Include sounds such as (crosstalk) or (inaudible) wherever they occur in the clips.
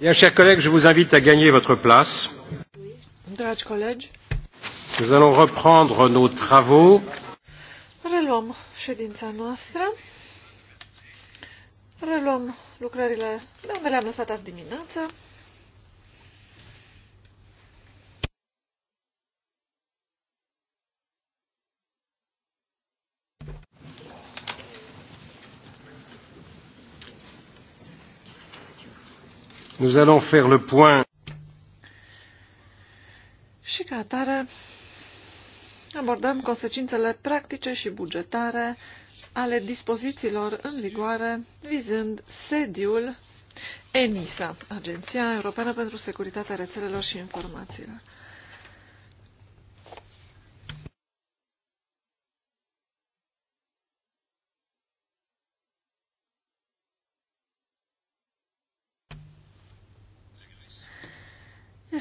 Bien, chers collègues, je vous invite à gagner votre place. Dragi colegi, nous allons reprendre nos travaux. Reluăm ședința noastră. Reluăm lucrările de unde le-am lăsat azi dimineață. Nous allons faire le point. Și ca atare abordăm consecințele practice și bugetare ale dispozițiilor în vigoare vizând sediul ENISA, Agenția Europeană pentru Securitatea Rețelelor și Informațiilor.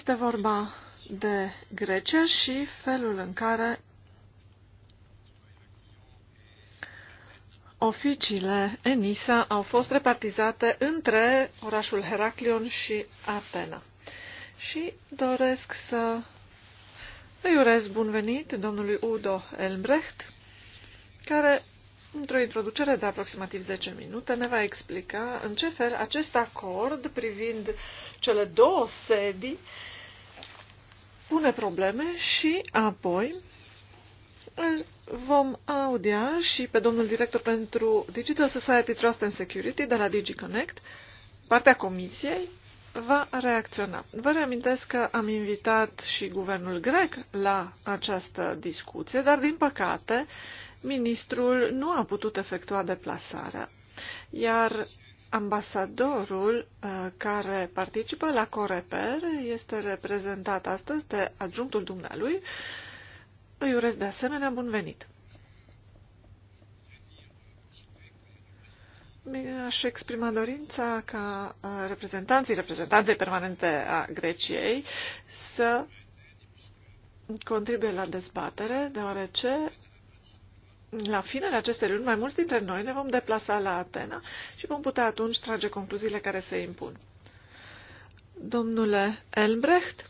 Este vorba de Grecia și felul în care oficiile ENISA au fost repartizate între orașul Heraclion și Atena. Și doresc să îi urez bun venit domnului Udo Elmbrecht, care, într-o introducere de aproximativ 10 minute, ne va explica în ce fel acest acord privind cele două sedii pune probleme și apoi îl vom audia și pe domnul director pentru Digital Society Trust and Security de la DigiConnect. Partea comisiei va reacționa. Vă reamintesc că am invitat și guvernul grec la această discuție, dar din păcate ministrul nu a putut efectua deplasarea, iar Ambasadorul uh, care participă la Coreper este reprezentat astăzi de adjunctul dumnealui. Îi urez de asemenea bun venit. Mi-aș exprima dorința ca uh, reprezentanții, reprezentanței permanente a Greciei să contribuie la dezbatere, deoarece la finele acestei luni, mai mulți dintre noi ne vom deplasa la Atena și vom putea atunci trage concluziile care se impun. Domnule Elbrecht,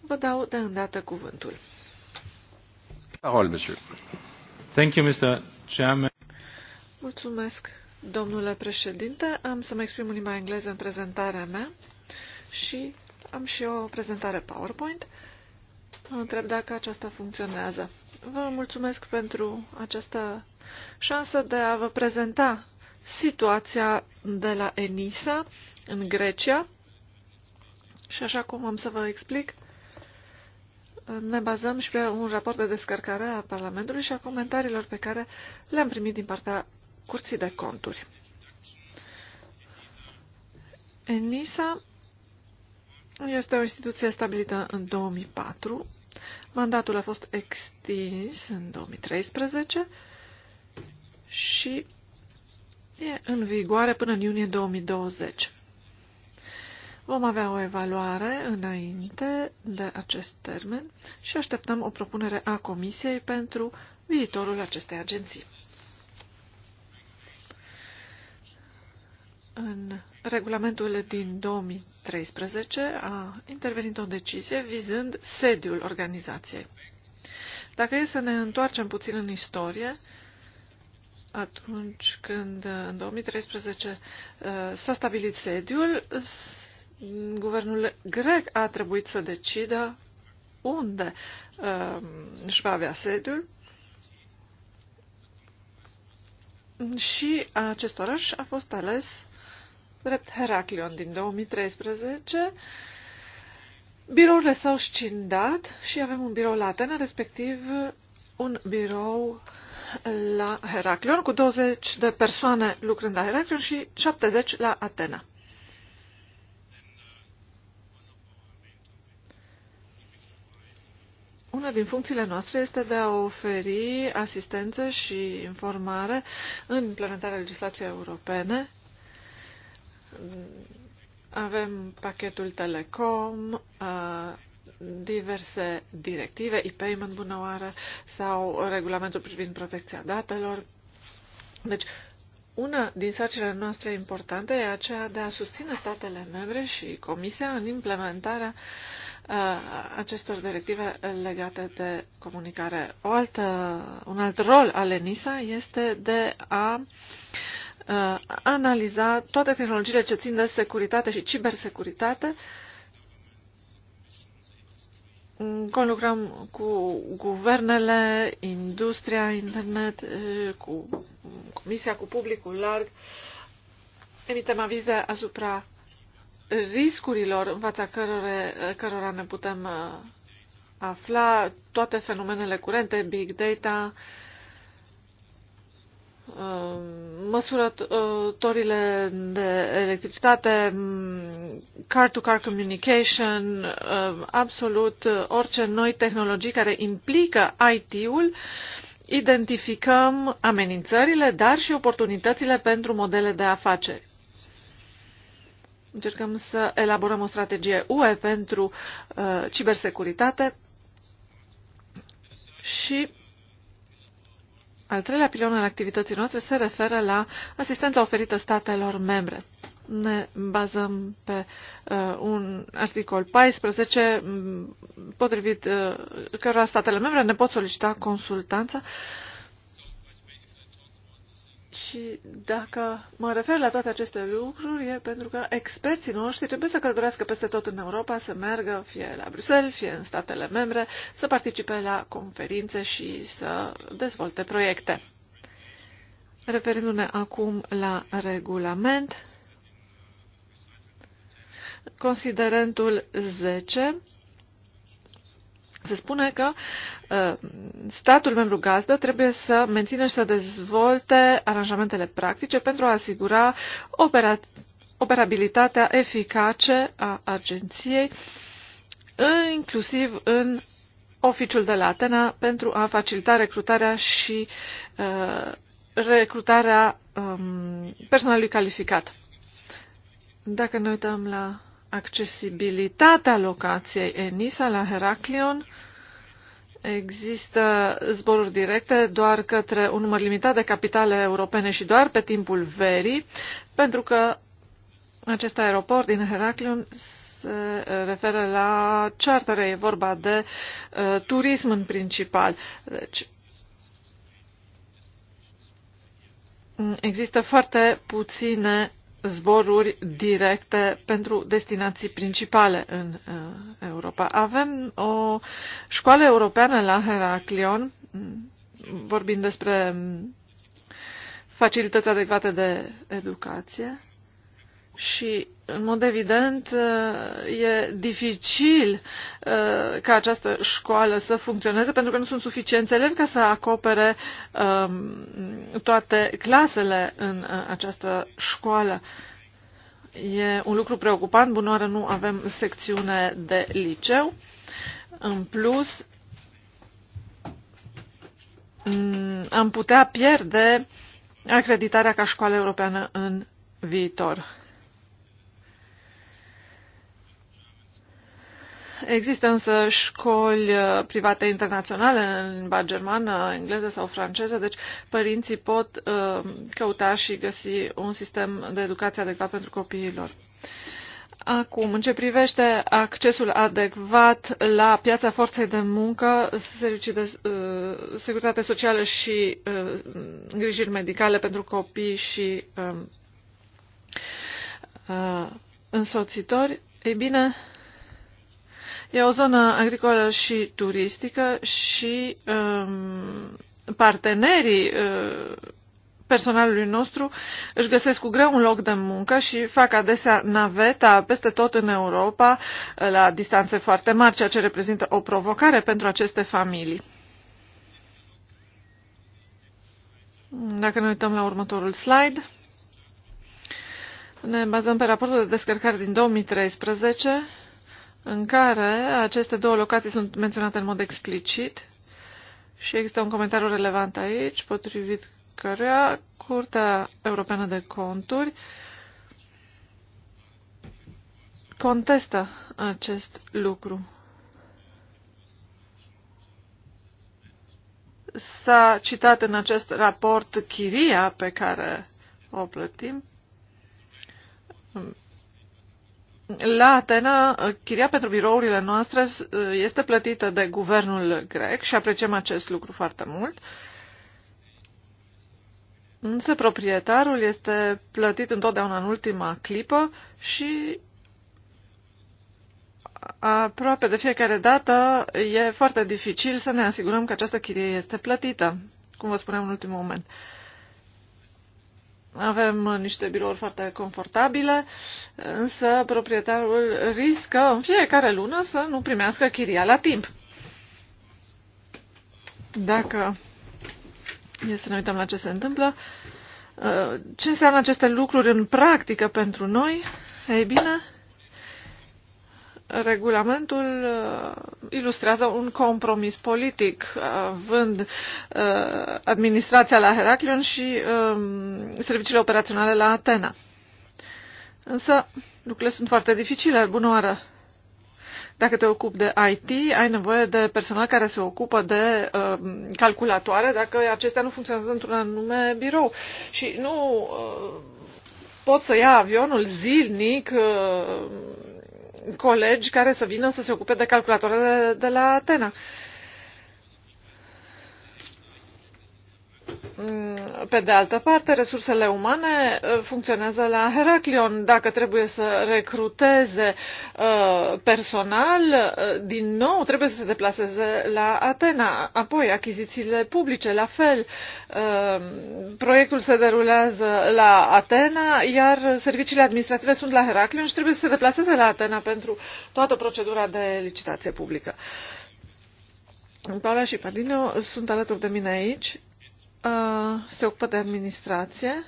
vă dau de îndată cuvântul. monsieur. Thank you, Mr. Chairman. Mulțumesc, domnule președinte. Am să mă exprim în limba engleză în prezentarea mea și am și o prezentare PowerPoint. Mă întreb dacă aceasta funcționează. Vă mulțumesc pentru această șansă de a vă prezenta situația de la Enisa, în Grecia. Și așa cum am să vă explic, ne bazăm și pe un raport de descărcare a Parlamentului și a comentariilor pe care le-am primit din partea Curții de Conturi. ENISA este o instituție stabilită în 2004 Mandatul a fost extins în 2013 și e în vigoare până în iunie 2020. Vom avea o evaluare înainte de acest termen și așteptăm o propunere a Comisiei pentru viitorul acestei agenții. În regulamentul din 2013 a intervenit o decizie vizând sediul organizației. Dacă e să ne întoarcem puțin în istorie, atunci când în 2013 uh, s-a stabilit sediul, guvernul grec a trebuit să decidă unde uh, își va avea sediul și acest oraș a fost ales drept Heraclion din 2013, birourile s-au scindat și avem un birou la Atena, respectiv un birou la Heraclion, cu 20 de persoane lucrând la Heraclion și 70 la Atena. Una din funcțiile noastre este de a oferi asistență și informare în implementarea legislației europene avem pachetul Telecom, uh, diverse directive, e-payment bună oară, sau regulamentul privind protecția datelor. Deci, una din sarcinile noastre importante e aceea de a susține statele membre și Comisia în implementarea uh, acestor directive legate de comunicare. O altă, un alt rol al ENISA este de a uh, analiza toate tehnologiile ce țin de securitate și cibersecuritate. Conlucrăm cu guvernele, industria, internet, uh, cu comisia, cu publicul larg. Emitem avize asupra riscurilor în fața cărora, cărora ne putem uh, afla toate fenomenele curente, big data, uh, Uh, măsurătorile de electricitate, mm, car-to-car communication, uh, absolut orice noi tehnologii care implică IT-ul, identificăm amenințările, dar și oportunitățile pentru modele de afaceri. Încercăm să elaborăm o strategie UE pentru uh, cibersecuritate și al treilea pilon al activității noastre se referă la asistența oferită statelor membre. Ne bazăm pe uh, un articol 14, mm, potrivit uh, cărora statele membre ne pot solicita consultanța uh, și dacă mă refer la toate aceste lucruri, e pentru că experții noștri trebuie să călătorească peste tot în Europa, să meargă fie la Bruxelles, fie în statele membre, să participe la conferințe și să dezvolte proiecte. Referindu-ne acum la regulament, considerentul 10 se spune că uh, statul membru gazdă trebuie să mențină și să dezvolte aranjamentele practice pentru a asigura opera operabilitatea eficace a agenției, inclusiv în oficiul de la Atena, pentru a facilita recrutarea și uh, recrutarea um, personalului calificat. Dacă ne uităm la accesibilitatea locației Enisa la Heraclion. Există zboruri directe doar către un număr limitat de capitale europene și doar pe timpul verii, pentru că acest aeroport din Heraclion se referă la chartere, e vorba de uh, turism în principal. Deci, mm, există foarte puține zboruri directe pentru destinații principale în uh, Europa. Avem o școală europeană la Heraclion, mm, vorbind despre mm, facilități adecvate de educație și, în mod evident, uh, e dificil uh, ca această școală să funcționeze pentru că nu sunt suficienți elevi ca să acopere um, toate clasele în uh, această școală. E un lucru preocupant, bunoară nu avem secțiune de liceu. În plus, mm, am putea pierde acreditarea ca școală europeană în viitor. Există însă școli uh, private internaționale în limba germană, engleză sau franceză, deci părinții pot uh, căuta și găsi un sistem de educație adecvat pentru copiilor. Acum, în ce privește accesul adecvat la piața forței de muncă, servicii de uh, securitate socială și uh, îngrijiri medicale pentru copii și uh, uh, însoțitori, ei bine, E o zonă agricolă și turistică și um, partenerii uh, personalului nostru își găsesc cu greu un loc de muncă și fac adesea naveta peste tot în Europa uh, la distanțe foarte mari, ceea ce reprezintă o provocare pentru aceste familii. Dacă ne uităm la următorul slide, ne bazăm pe raportul de descărcare din 2013 în care aceste două locații sunt menționate în mod explicit și există un comentariu relevant aici, potrivit cărea Curtea Europeană de Conturi contestă acest lucru. S-a citat în acest raport chiria pe care o plătim la Atena, chiria pentru birourile noastre uh, este plătită de guvernul grec și apreciem acest lucru foarte mult. Însă proprietarul este plătit întotdeauna în ultima clipă și aproape de fiecare dată e foarte dificil să ne asigurăm că această chirie este plătită, cum vă spuneam în ultimul moment. Uh, avem niște birouri foarte confortabile, însă proprietarul riscă în fiecare lună să nu primească chiria la timp. Dacă e să ne uităm la ce se întâmplă, ce înseamnă aceste lucruri în practică pentru noi? Ei bine, regulamentul uh, ilustrează un compromis politic, uh, având uh, administrația la Heraklion și um, serviciile operaționale la Atena. Însă, lucrurile sunt foarte dificile, bună oară. Dacă te ocupi de IT, ai nevoie de personal care se ocupă de uh, calculatoare, dacă acestea nu funcționează într-un anume birou. Și nu uh, pot să ia avionul zilnic uh, colegi care să vină să se ocupe de calculatoarele de la Atena. Mm, pe de altă parte, resursele umane uh, funcționează la Heraclion. Dacă trebuie să recruteze uh, personal, uh, din nou trebuie să se deplaseze la Atena. Apoi, achizițiile publice, la fel. Proiectul se derulează la Atena, iar serviciile administrative sunt la Heraclion și trebuie să se deplaseze la Atena pentru toată procedura de licitație publică. Paula și Padino sunt alături de mine aici se ocupă de administrație.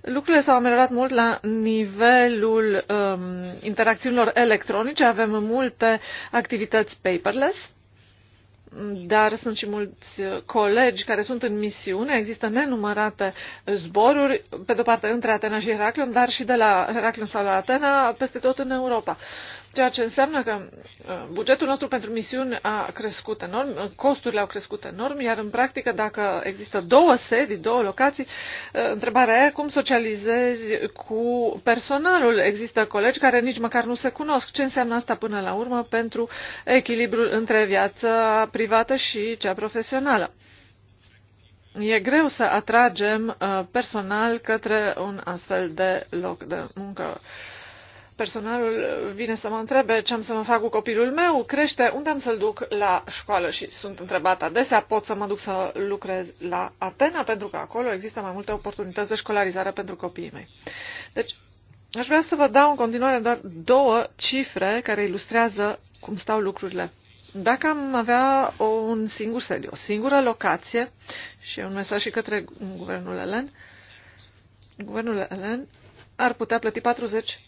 Lucrurile s-au ameliorat mult la nivelul um, interacțiunilor electronice. Avem multe activități paperless, dar sunt și mulți colegi care sunt în misiune. Există nenumărate zboruri, pe de-o parte între Atena și Heraclion, dar și de la Heraclion sau la Atena, peste tot în Europa. Ceea ce înseamnă că uh, bugetul nostru pentru misiuni a crescut enorm, uh, costurile au crescut enorm, iar în practică dacă există două sedi, două locații, uh, întrebarea e cum socializezi cu personalul. Există colegi care nici măcar nu se cunosc. Ce înseamnă asta până la urmă pentru echilibrul între viața privată și cea profesională? E greu să atragem personal către un astfel de loc de muncă personalul vine să mă întrebe ce am să mă fac cu copilul meu, crește, unde am să-l duc la școală și sunt întrebat adesea, pot să mă duc să lucrez la Atena, pentru că acolo există mai multe oportunități de școlarizare pentru copiii mei. Deci, aș vrea să vă dau în continuare doar două cifre care ilustrează cum stau lucrurile. Dacă am avea un singur sediu, o singură locație, și un mesaj și către guvernul Elen, guvernul Elen ar putea plăti 40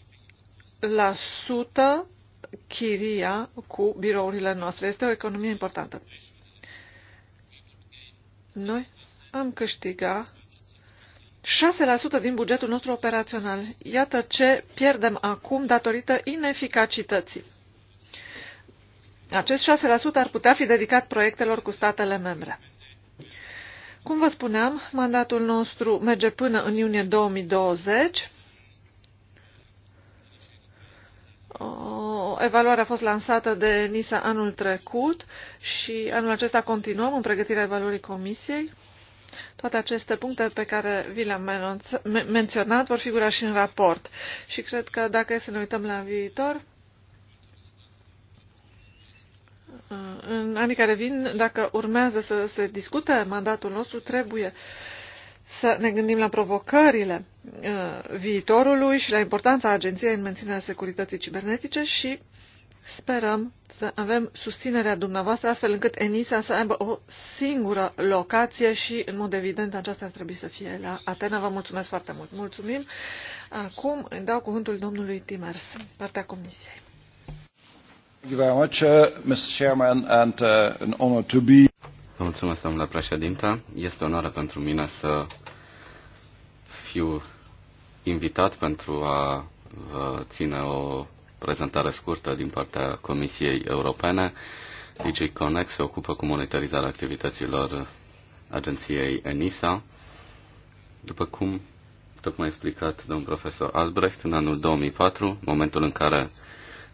chiria cu birourile noastre. Este o economie importantă. Noi am câștigat 6% din bugetul nostru operațional. Iată ce pierdem acum datorită ineficacității. Acest 6% ar putea fi dedicat proiectelor cu statele membre. Cum vă spuneam, mandatul nostru merge până în iunie 2020 Evaluarea a fost lansată de NISA anul trecut și anul acesta continuăm în pregătirea evaluării comisiei. Toate aceste puncte pe care vi le-am menționat vor figura și în raport. Și cred că dacă e să ne uităm la viitor, în anii care vin, dacă urmează să se discute mandatul nostru, trebuie uh, să ne gândim la provocările uh, viitorului și la importanța agenției în menținerea securității cibernetice și sperăm să avem susținerea dumneavoastră astfel încât ENISA să aibă o singură locație și, în mod evident, aceasta ar trebui să fie la Atena. Vă mulțumesc foarte mult. Mulțumim. Acum îi dau cuvântul domnului Timers, partea Comisiei. Thank you very much, uh, Mr. Chairman, and uh, an honor to be Vă mulțumesc, domnule președinte. Este onoare pentru mine să fiu invitat pentru a vă ține o prezentare scurtă din partea Comisiei Europene. DJ Connect se ocupă cu monitorizarea activităților agenției ENISA. După cum tocmai explicat domnul profesor Albrecht, în anul 2004, momentul în care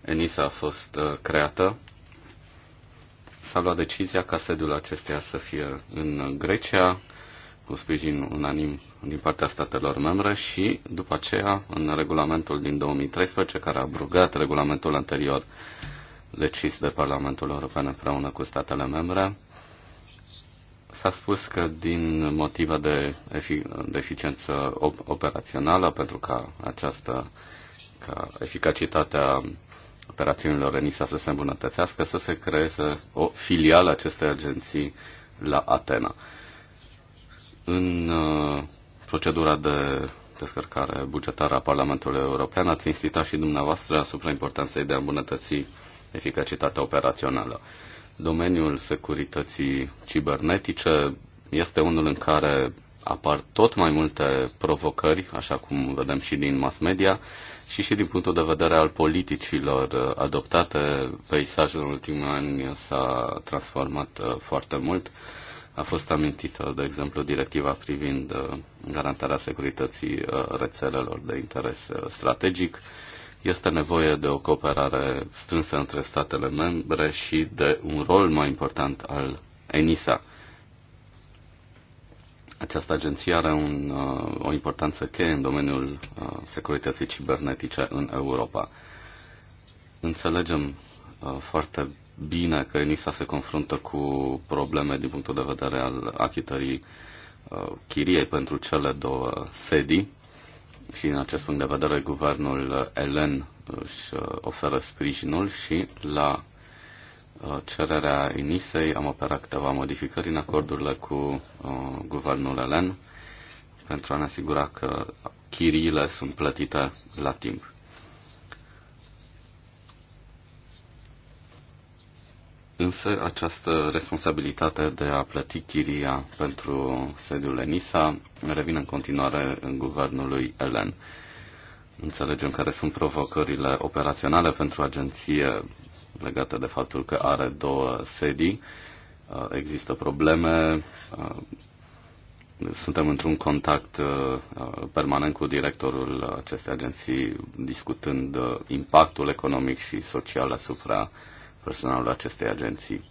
ENISA a fost uh, creată, s-a luat decizia ca sediul acesteia să fie în Grecia, cu sprijin unanim din partea statelor membre și, după aceea, în regulamentul din 2013, care a abrogat regulamentul anterior decis de Parlamentul European împreună cu statele membre, s-a spus că din motive de, efic- de eficiență operațională, pentru ca această ca eficacitatea operațiunilor ENISA să se îmbunătățească, să se creeze o filială acestei agenții la Atena. În uh, procedura de descărcare bugetară a Parlamentului European ați insistat și dumneavoastră asupra importanței de a îmbunătăți eficacitatea operațională. Domeniul securității cibernetice este unul în care apar tot mai multe provocări, așa cum vedem și din mass media, și și din punctul de vedere al politicilor uh, adoptate, peisajul în ultimii ani s-a transformat uh, foarte mult. A fost amintită, de exemplu, directiva privind uh, garantarea securității rețelelor de interes strategic. Este nevoie de o cooperare strânsă între statele membre și de un rol mai important al ENISA. Această agenție are un, uh, o importanță cheie în domeniul uh, securității cibernetice în Europa. Înțelegem uh, foarte bine că ENISA se confruntă cu probleme din punctul de vedere al achitării chiriei pentru cele două sedii și în acest punct de vedere guvernul Elen își oferă sprijinul și la Uh, cererea INISEI am operat câteva modificări în acordurile cu uh, guvernul elen pentru a ne asigura că chiriile sunt plătite la timp. Însă această responsabilitate de a plăti chiria pentru sediul ENISA revine în continuare în guvernului Elen. Înțelegem care sunt provocările operaționale pentru agenție legate de faptul că are două sedii. Uh, există probleme. Uh, suntem într-un contact uh, permanent cu directorul acestei agenții, discutând impactul economic și social asupra personalului acestei agenții.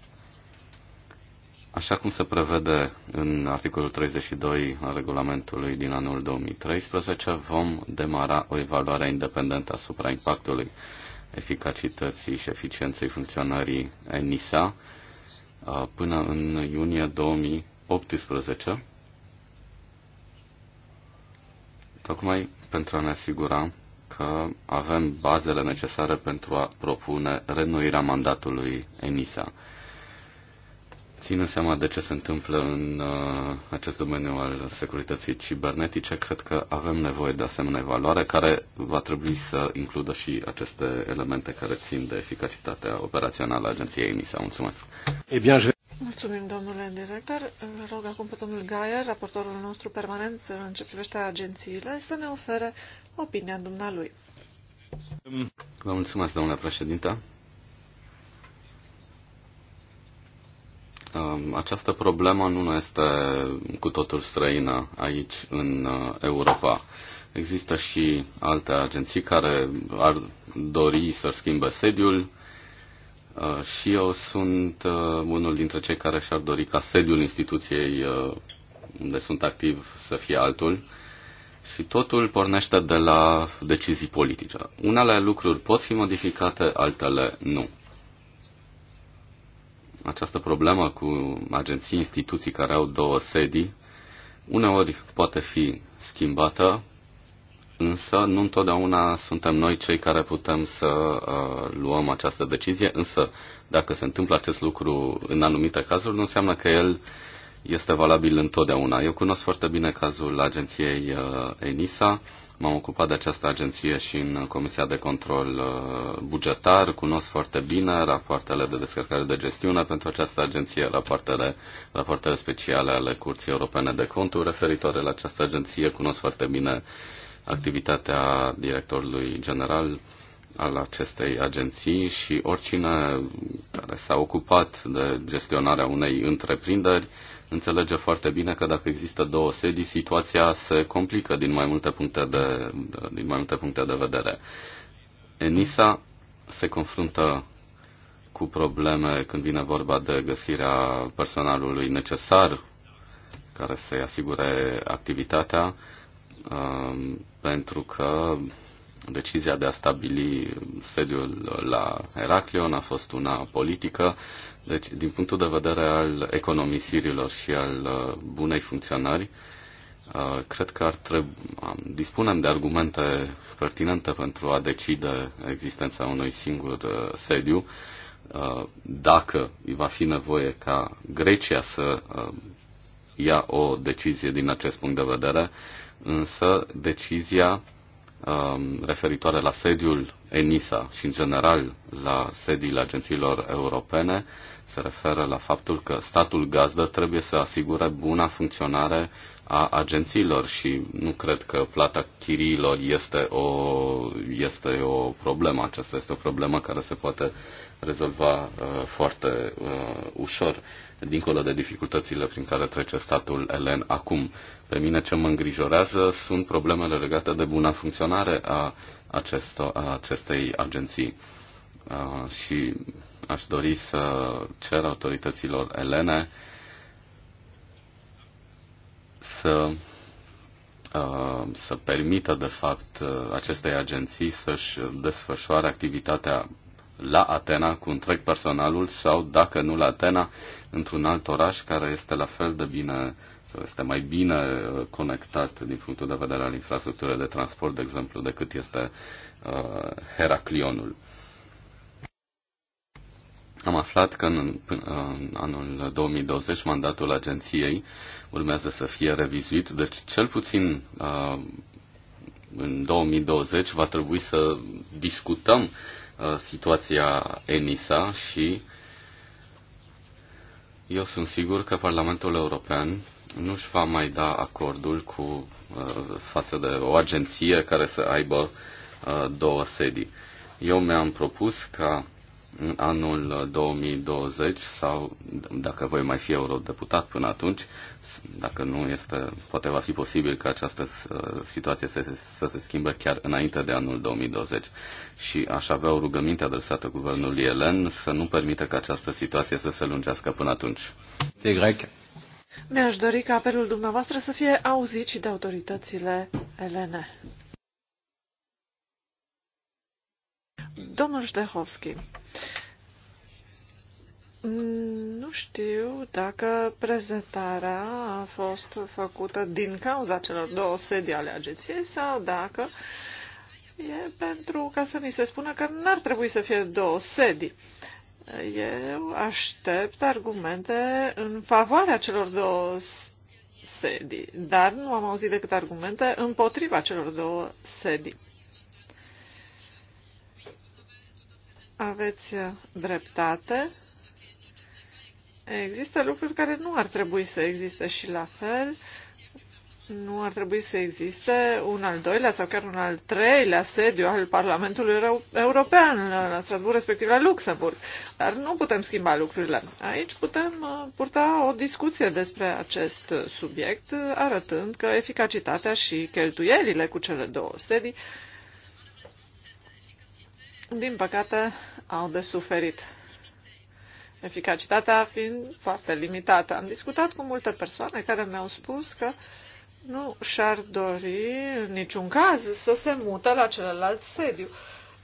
Așa cum se prevede în articolul 32 al regulamentului din anul 2013, vom demara o evaluare independentă asupra impactului eficacității și eficienței funcționării ENISA uh, până în iunie 2018, tocmai pentru a ne asigura că avem bazele necesare pentru a propune renoirea mandatului ENISA. Ținând seama de ce se întâmplă în uh, acest domeniu al securității cibernetice, cred că avem nevoie de asemenea evaluare care va trebui să includă și aceste elemente care țin de eficacitatea operațională a agenției ENISA. Mulțumesc! E eh bien, je... Mulțumim, domnule director. Vă rog acum pe domnul Gaier, raportorul nostru permanent în ce privește agențiile, să ne ofere opinia dumnealui. Vă mulțumesc, domnule președinte. Um, această problemă nu este cu totul străină aici în uh, Europa. Există și alte agenții care ar dori să schimbe sediul uh, și eu sunt uh, unul dintre cei care și-ar dori ca sediul instituției unde sunt activ să fie altul. Și totul pornește de la decizii politice. Unele lucruri pot fi modificate, altele nu această problemă cu agenții, instituții care au două sedii, uneori poate fi schimbată, însă nu întotdeauna suntem noi cei care putem să uh, luăm această decizie, însă dacă se întâmplă acest lucru în anumite cazuri, nu înseamnă că el este valabil întotdeauna. Eu cunosc foarte bine cazul agenției uh, ENISA, M-am ocupat de această agenție și în Comisia de Control uh, Bugetar. Cunosc foarte bine rapoartele de descărcare de gestiune pentru această agenție, rapoartele, rapoartele speciale ale Curții Europene de Conturi referitoare la această agenție. Cunosc foarte bine activitatea directorului general al acestei agenții și oricine care s-a ocupat de gestionarea unei întreprinderi înțelege foarte bine că dacă există două sedii, situația se complică din mai multe puncte de, din mai multe puncte de vedere. ENISA se confruntă cu probleme când vine vorba de găsirea personalului necesar care să-i asigure activitatea, um, pentru că decizia de a stabili sediul la Heraclion a fost una politică deci, din punctul de vedere al economisirilor și al uh, bunei funcționări, uh, cred că ar trebui, dispunem de argumente pertinente pentru a decide existența unui singur uh, sediu. Dacă va fi nevoie ca Grecia să ia o decizie din acest punct de vedere, însă decizia um, referitoare la sediul ENISA și, în general, la sediile agențiilor europene, se referă la faptul că statul gazdă trebuie să asigure buna funcționare a agențiilor și nu cred că plata chiriilor este o, este o problemă. Aceasta este o problemă care se poate rezolva uh, foarte uh, ușor, dincolo de dificultățile prin care trece statul elen acum. Pe mine ce mă îngrijorează sunt problemele legate de buna funcționare a, acesto, a acestei agenții. Uh, Uh, și aș dori să cer autorităților elene să, uh, să permită, de fapt, uh, acestei agenții să-și desfășoare activitatea la Atena cu întreg personalul sau, dacă nu la Atena, într-un alt oraș care este la fel de bine sau este mai bine conectat din punctul de vedere al infrastructurii de transport, de exemplu, decât este uh, Heraclionul. Am aflat că în, în anul 2020 mandatul agenției urmează să fie revizuit, deci cel puțin uh, în 2020 va trebui să discutăm uh, situația ENISA și eu sunt sigur că Parlamentul European nu își va mai da acordul cu uh, față de o agenție care să aibă două sedii. Eu mi-am propus ca anul 2020 sau dacă voi mai fi eurodeputat până atunci, dacă nu este, poate va fi posibil ca această uh, situație să, se, să se schimbe chiar înainte de anul 2020. Și aș avea o rugăminte adresată guvernului Elen să nu permită ca această situație să se lungească până atunci. De grec. Mi-aș dori ca apelul dumneavoastră să fie auzit și de autoritățile elene. Domnul Ștehovski, nu știu dacă prezentarea a fost făcută din cauza celor două sedii ale agenției sau dacă e pentru ca să ni se spună că n-ar trebui să fie două sedii. Eu aștept argumente în favoarea celor două sedii, dar nu am auzit decât argumente împotriva celor două sedii. Aveți uh, dreptate. Există lucruri care nu ar trebui să existe și la fel. Nu ar trebui să existe un al doilea sau chiar un al treilea sediu al Parlamentului European la Strasburg, respectiv la Luxemburg. Dar nu putem schimba lucrurile. Aici putem uh, purta o discuție despre acest subiect, uh, arătând că eficacitatea și cheltuielile cu cele două sedii din păcate, au de suferit. Eficacitatea fiind foarte limitată. Am discutat cu multe persoane care mi-au spus că nu și-ar dori în niciun caz să se mute la celălalt sediu.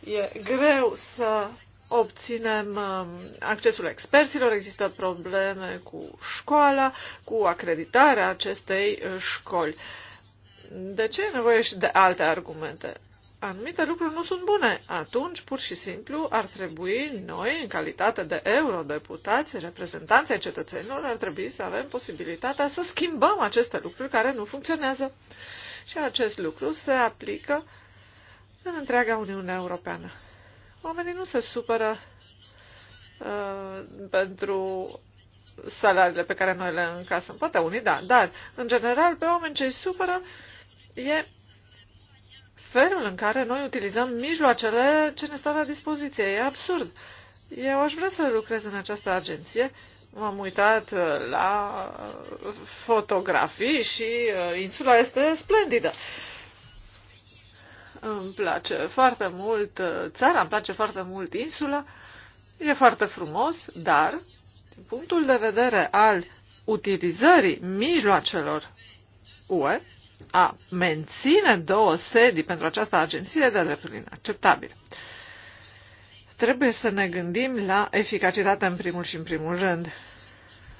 E greu să obținem um, accesul experților, există probleme cu școala, cu acreditarea acestei uh, școli. De ce e nevoie și de alte argumente? anumite lucruri nu sunt bune, atunci pur și simplu ar trebui noi, în calitate de eurodeputați, reprezentanții ai cetățenilor, ar trebui să avem posibilitatea să schimbăm aceste lucruri care nu funcționează. Și acest lucru se aplică în întreaga Uniune Europeană. Oamenii nu se supără uh, pentru salariile pe care noi le încasăm. Poate unii, da, dar, în general, pe oameni ce îi supără e felul în care noi utilizăm mijloacele ce ne stau la dispoziție. E absurd. Eu aș vrea să lucrez în această agenție. M-am uitat uh, la uh, fotografii și uh, insula este splendidă. Îmi place foarte mult țara, îmi place foarte mult insula. E foarte frumos, dar din punctul de vedere al utilizării mijloacelor UE, a menține două sedii pentru această agenție de-a dreptul inacceptabil. Trebuie să ne gândim la eficacitate în primul și în primul rând.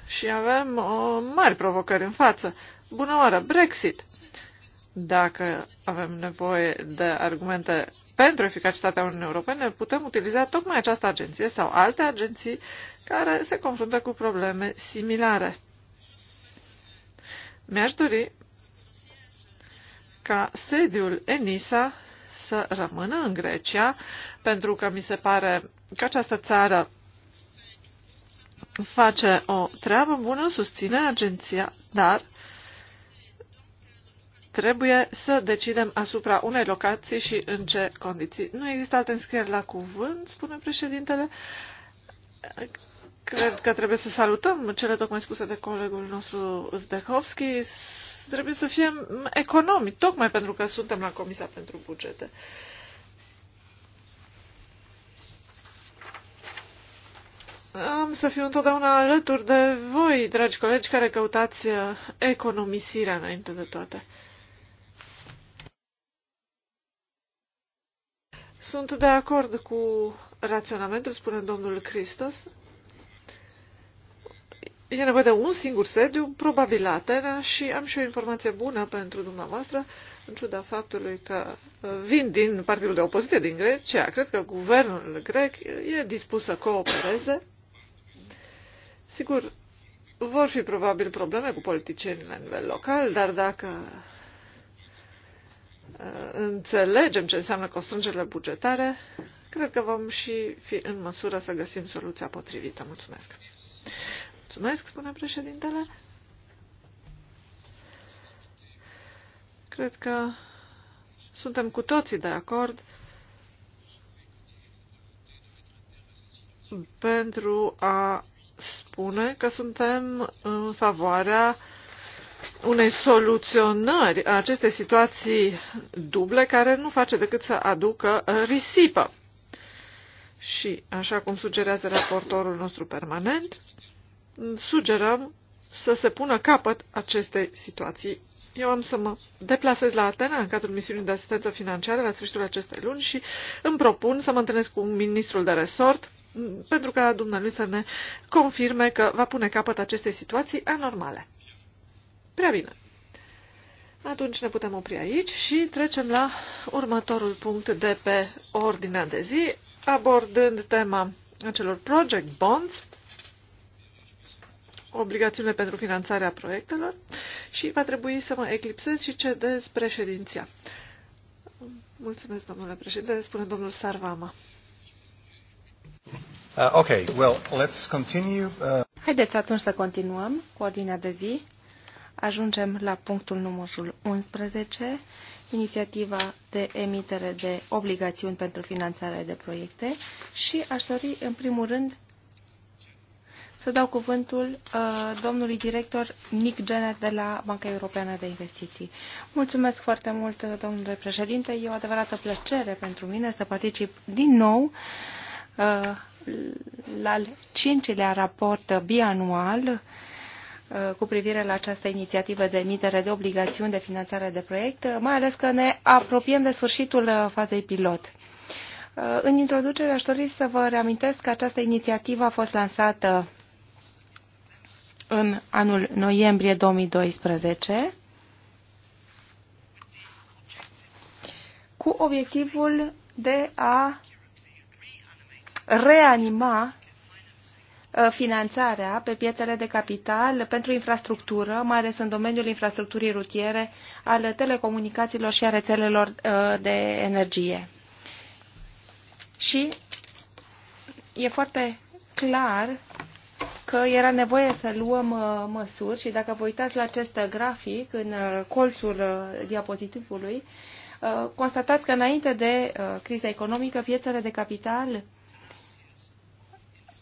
Și avem o uh, mari provocări în față. Bună oară, Brexit! Dacă avem nevoie de argumente pentru eficacitatea Uniunii Europene, putem utiliza tocmai această agenție sau alte agenții care se confruntă cu probleme similare. Mi-aș dori ca sediul ENISA să rămână în Grecia, pentru că mi se pare că această țară face o treabă bună, susține agenția, dar trebuie să decidem asupra unei locații și în ce condiții. Nu există alte înscrieri la cuvânt, spune președintele. Cred că trebuie să salutăm cele tocmai spuse de colegul nostru Zdechovski. Trebuie să fim economi, tocmai pentru că suntem la Comisia pentru Bugete. Am să fiu întotdeauna alături de voi, dragi colegi, care căutați uh, economisirea înainte de toate. Sunt de acord cu raționamentul, spune domnul Cristos. E nevoie de un singur sediu, probabil Atena, și am și o informație bună pentru dumneavoastră, în ciuda faptului că uh, vin din partidul de opoziție din Grecia, cred că guvernul grec e dispus să coopereze. Sigur, vor fi probabil probleme cu politicienii la nivel local, dar dacă uh, înțelegem ce înseamnă constrângerile bugetare, cred că vom și fi în măsură să găsim soluția potrivită. Mulțumesc! Mulțumesc, spune președintele. Cred că suntem cu toții de acord pentru a spune că suntem în favoarea unei soluționări a acestei situații duble care nu face decât să aducă risipă. Și, așa cum sugerează raportorul nostru permanent, sugerăm să se pună capăt acestei situații. Eu am să mă deplasez la Atena în cadrul misiunii de asistență financiară la sfârșitul acestei luni și îmi propun să mă întâlnesc cu ministrul de resort pentru ca dumnealui să ne confirme că va pune capăt acestei situații anormale. Prea bine. Atunci ne putem opri aici și trecem la următorul punct de pe ordinea de zi, abordând tema acelor project bonds obligațiunile pentru finanțarea proiectelor și va trebui să mă eclipsez și cedez președinția. Mulțumesc, domnule președinte, spune domnul Sarvama. Uh, okay. well, let's continue. Uh... Haideți atunci să continuăm cu ordinea de zi. Ajungem la punctul numărul 11, inițiativa de emitere de obligațiuni pentru finanțare de proiecte și aș dori, în primul rând, să dau cuvântul uh, domnului director Nick Jenner de la Banca Europeană de Investiții. Mulțumesc foarte mult, uh, domnule președinte. E o adevărată plăcere pentru mine să particip din nou uh, la al cincilea raport bianual uh, cu privire la această inițiativă de emitere de obligațiuni de finanțare de proiect, uh, mai ales că ne apropiem de sfârșitul fazei pilot. În introducere aș dori să vă reamintesc că această inițiativă a fost lansată în anul noiembrie 2012 cu obiectivul de a reanima uh, finanțarea pe piețele de capital pentru infrastructură, mai ales în domeniul infrastructurii rutiere, al telecomunicațiilor și a rețelelor uh, de energie. Și e foarte clar că era nevoie să luăm uh, măsuri și dacă vă uitați la acest grafic în uh, colțul uh, diapozitivului, constatați că înainte de criza economică, piețele de capital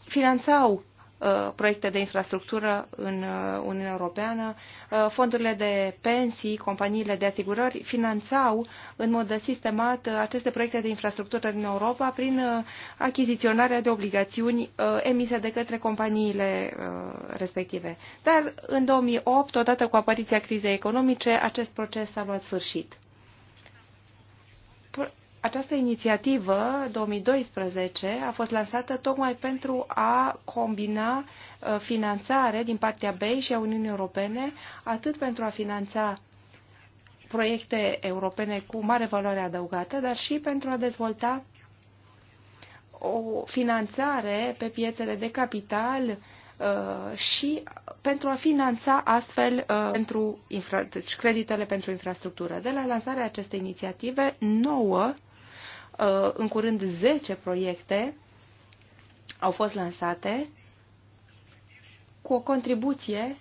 finanțau Uh, proiecte de infrastructură în uh, Uniunea Europeană, uh, fondurile de pensii, companiile de asigurări finanțau în mod sistemat aceste proiecte de infrastructură din Europa prin achiziționarea de obligațiuni emise de către companiile respective. Dar în 2008, odată cu apariția crizei economice, acest proces s-a luat sfârșit. Această inițiativă 2012 a fost lansată tocmai pentru a combina uh, finanțare din partea BEI și a Uniunii Europene, atât pentru a finanța proiecte europene cu mare valoare adăugată, dar și pentru a dezvolta o finanțare pe piețele de capital Uh, și pentru a finanța astfel uh, pentru infra, deci creditele pentru infrastructură. De la lansarea acestei inițiative, 9, uh, în curând 10 proiecte au fost lansate cu o contribuție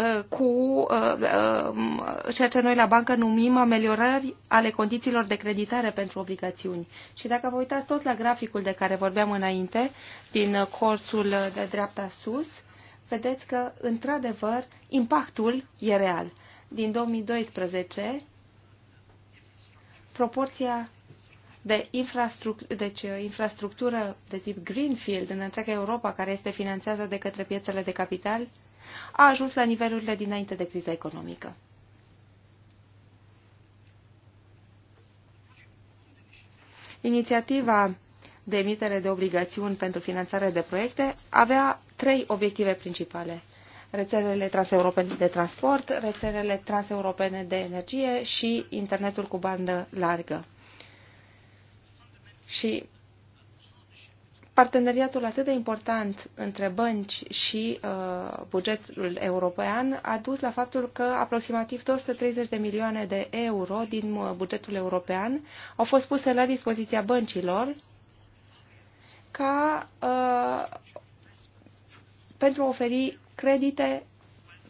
Uh, cu uh, uh, ceea ce noi la bancă numim ameliorări ale condițiilor de creditare pentru obligațiuni. Și dacă vă uitați tot la graficul de care vorbeam înainte, din colțul de dreapta sus, vedeți că, într-adevăr, impactul e real. Din 2012, proporția de infrastructură, deci infrastructură de tip Greenfield în întreaga Europa, care este finanțată de către piețele de capital, a ajuns la nivelurile dinainte de criza economică. Inițiativa de emitere de obligațiuni pentru finanțare de proiecte avea trei obiective principale. Rețelele transeuropene de transport, rețelele transeuropene de energie și internetul cu bandă largă. Și Parteneriatul atât de important între bănci și uh, bugetul european a dus la faptul că aproximativ 230 de milioane de euro din uh, bugetul european au fost puse la dispoziția băncilor ca uh, pentru a oferi credite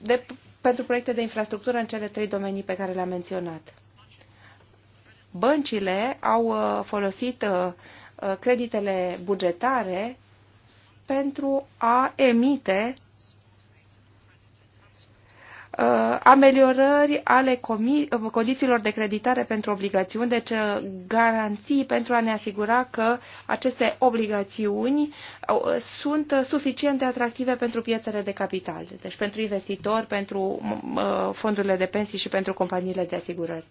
de, pentru proiecte de infrastructură în cele trei domenii pe care le-am menționat. Băncile au uh, folosit uh, Uh, creditele bugetare pentru a emite uh, ameliorări ale condițiilor de creditare pentru obligațiuni, deci uh, garanții pentru a ne asigura că aceste obligațiuni sunt suficient de atractive pentru piețele de capital, deci pentru investitori, pentru fondurile de pensii și pentru companiile de asigurări.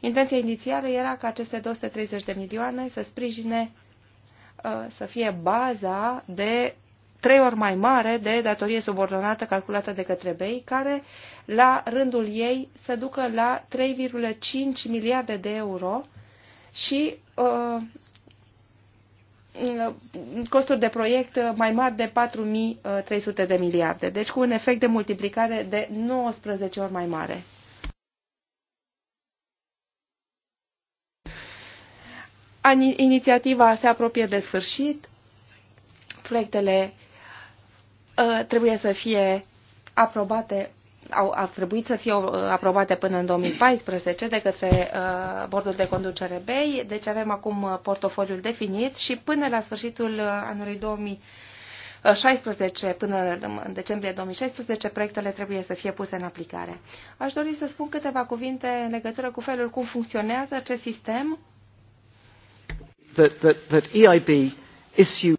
Intenția inițială era ca aceste 230 de milioane să sprijine, uh, să fie baza de trei ori mai mare de datorie subordonată calculată de către BEI, care la rândul ei se ducă la 3,5 miliarde de euro și uh, costuri de proiect mai mari de 4.300 de miliarde, deci cu un efect de multiplicare de 19 ori mai mare. inițiativa se apropie de sfârșit, proiectele uh, trebuie să fie aprobate au, ar trebui să fie uh, aprobate până în 2014 de către uh, bordul de conducere BEI, deci avem acum uh, portofoliul definit și până la sfârșitul uh, anului 2016, până în decembrie 2016, proiectele trebuie să fie puse în aplicare. Aș dori să spun câteva cuvinte în legătură cu felul cum funcționează acest sistem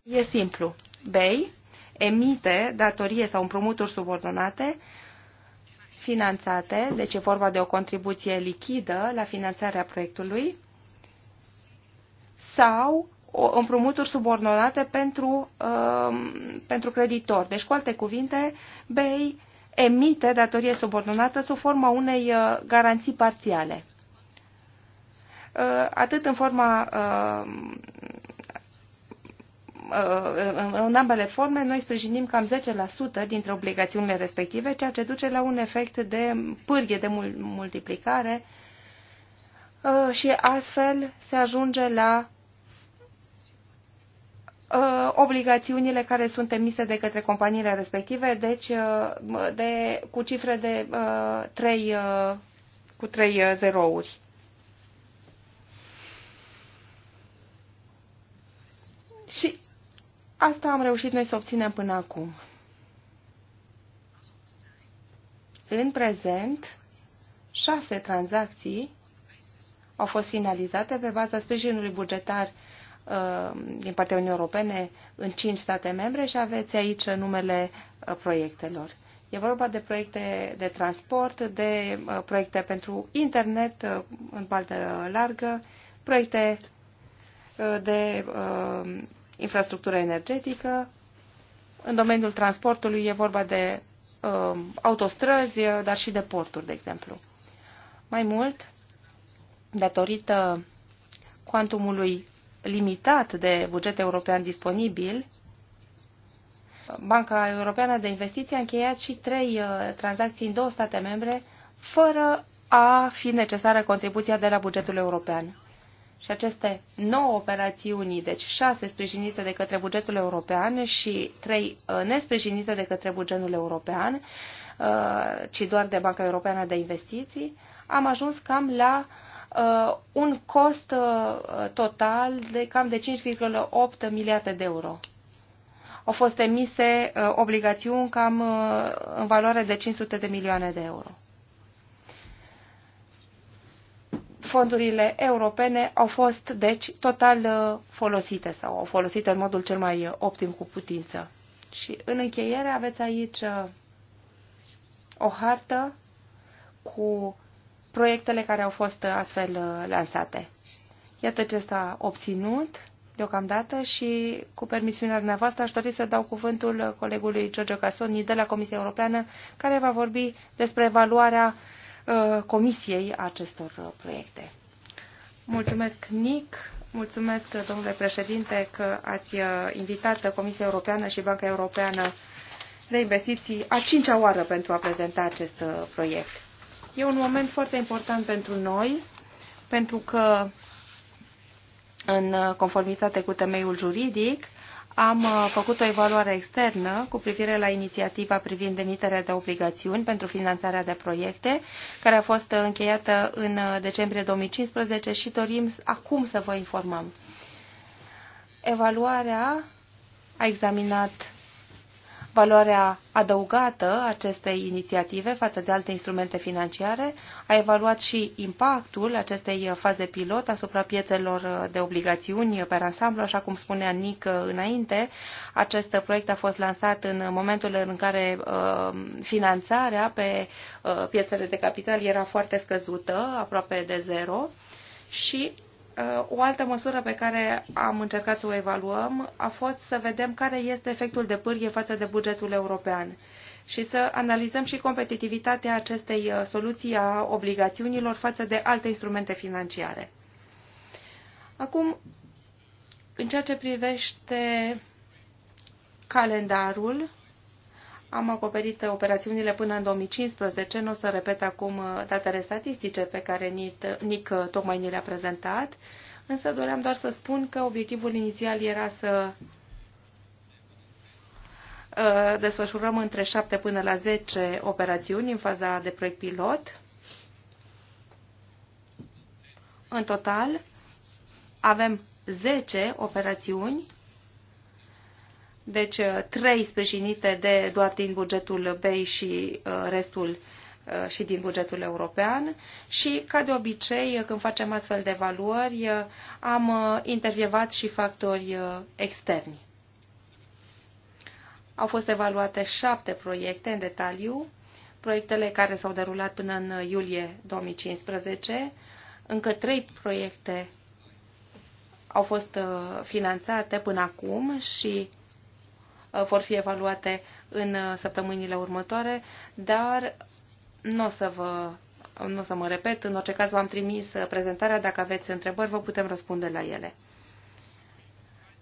E simplu. BEI emite datorie sau împrumuturi subordonate finanțate, deci e vorba de o contribuție lichidă la finanțarea proiectului, sau o împrumuturi subordonate pentru, um, pentru creditor. Deci, cu alte cuvinte, BEI emite datorie subordonată sub forma unei uh, garanții parțiale. Uh, atât în forma uh, uh, în ambele forme, noi sprijinim cam 10% dintre obligațiunile respective, ceea ce duce la un efect de pârghie, de multiplicare și astfel se ajunge la obligațiunile care sunt emise de către companiile respective, deci de, cu cifre de 3 cu 3 zerouri. Și asta am reușit noi să obținem până acum. În prezent, șase tranzacții au fost finalizate pe baza sprijinului bugetar uh, din partea Uniunii Europene în cinci state membre și aveți aici numele uh, proiectelor. E vorba de proiecte de transport, de uh, proiecte pentru internet în baltă largă, proiecte de infrastructura energetică. În domeniul transportului e vorba de uh, autostrăzi, dar și de porturi, de exemplu. Mai mult, datorită cuantumului limitat de buget european disponibil, Banca Europeană de Investiții a încheiat și trei uh, tranzacții în două state membre, fără a fi necesară contribuția de la bugetul european. Și aceste nouă operațiuni, deci șase sprijinite de către bugetul european și trei uh, nesprijinite de către bugetul european, uh, ci doar de Banca Europeană de Investiții, am ajuns cam la uh, un cost total de cam de 5,8 miliarde de euro. Au fost emise obligațiuni cam în valoare de 500 de milioane de euro. fondurile europene au fost, deci, total uh, folosite sau au folosite în modul cel mai uh, optim cu putință. Și în încheiere aveți aici uh, o hartă cu proiectele care au fost astfel lansate. Iată ce s-a obținut deocamdată și, cu permisiunea dumneavoastră, aș dori să dau cuvântul colegului Giorgio Casoni de la Comisia Europeană, care va vorbi despre evaluarea uh, Uh, comisiei acestor uh, proiecte. Mulțumesc, Nic. Mulțumesc, domnule președinte, că ați uh, invitat Comisia Europeană și Banca Europeană de Investiții a cincea oară pentru a prezenta acest proiect. E un moment foarte important pentru noi, pentru că, în conformitate cu temeiul juridic, am uh, făcut o evaluare externă cu privire la inițiativa privind emiterea de obligațiuni pentru finanțarea de proiecte, care a fost uh, încheiată în uh, decembrie 2015 și dorim acum să vă informăm. Evaluarea a examinat valoarea adăugată acestei inițiative față de alte instrumente financiare, a evaluat și impactul acestei faze pilot asupra piețelor de obligațiuni pe ansamblu, așa cum spunea Nic înainte. Acest proiect a fost lansat în momentul în care uh, finanțarea pe uh, piețele de capital era foarte scăzută, aproape de zero, și Uh, o altă măsură pe care am încercat să o evaluăm a fost să vedem care este efectul de pârghie față de bugetul european și să analizăm și competitivitatea acestei uh, soluții a obligațiunilor față de alte instrumente financiare. Acum, în ceea ce privește calendarul, am acoperit operațiunile până în 2015, nu o să repet acum uh, datele statistice pe care Nic uh, tocmai ni le-a prezentat, însă doream doar să spun că obiectivul inițial era să uh, desfășurăm între 7 până la 10 operațiuni în faza de proiect pilot. În total avem 10 operațiuni deci uh, trei sprijinite de doar din bugetul BEI și uh, restul uh, și din bugetul european și, ca de obicei, când facem astfel de valori, am intervievat și factori externi. Au fost evaluate șapte proiecte în detaliu, proiectele care s-au derulat până în iulie 2015, încă trei proiecte au fost finanțate până acum și Uh, vor fi evaluate în uh, săptămânile următoare, dar nu o să vă nu o să mă repet, în orice caz v-am trimis uh, prezentarea, dacă aveți întrebări, vă putem răspunde la ele.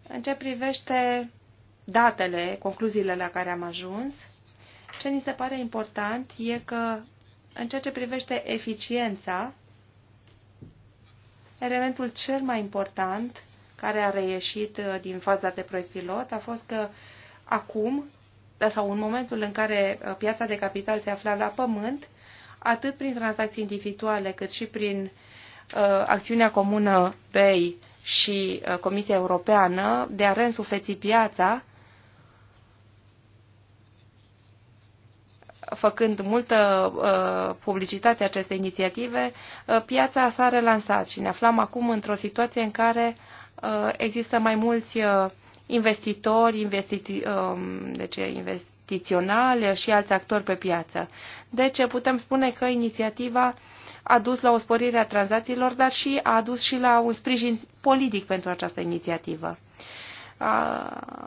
În ce privește datele, concluziile la care am ajuns, ce ni se pare important e că, în ceea ce privește eficiența, elementul cel mai important care a reieșit din faza de proiect pilot a fost că uh, acum, da, sau în momentul în care uh, piața de capital se afla la pământ, atât prin tranzacții individuale, cât și prin uh, acțiunea comună BEI și uh, Comisia Europeană de a reînsufleți piața, făcând multă uh, publicitate aceste inițiative, uh, piața s-a relansat și ne aflam acum într-o situație în care uh, există mai mulți uh, investitori, investiti, um, deci investiționali și alți actori pe piață. Deci putem spune că inițiativa a dus la o sporire a tranzacțiilor, dar și a dus și la un sprijin politic pentru această inițiativă.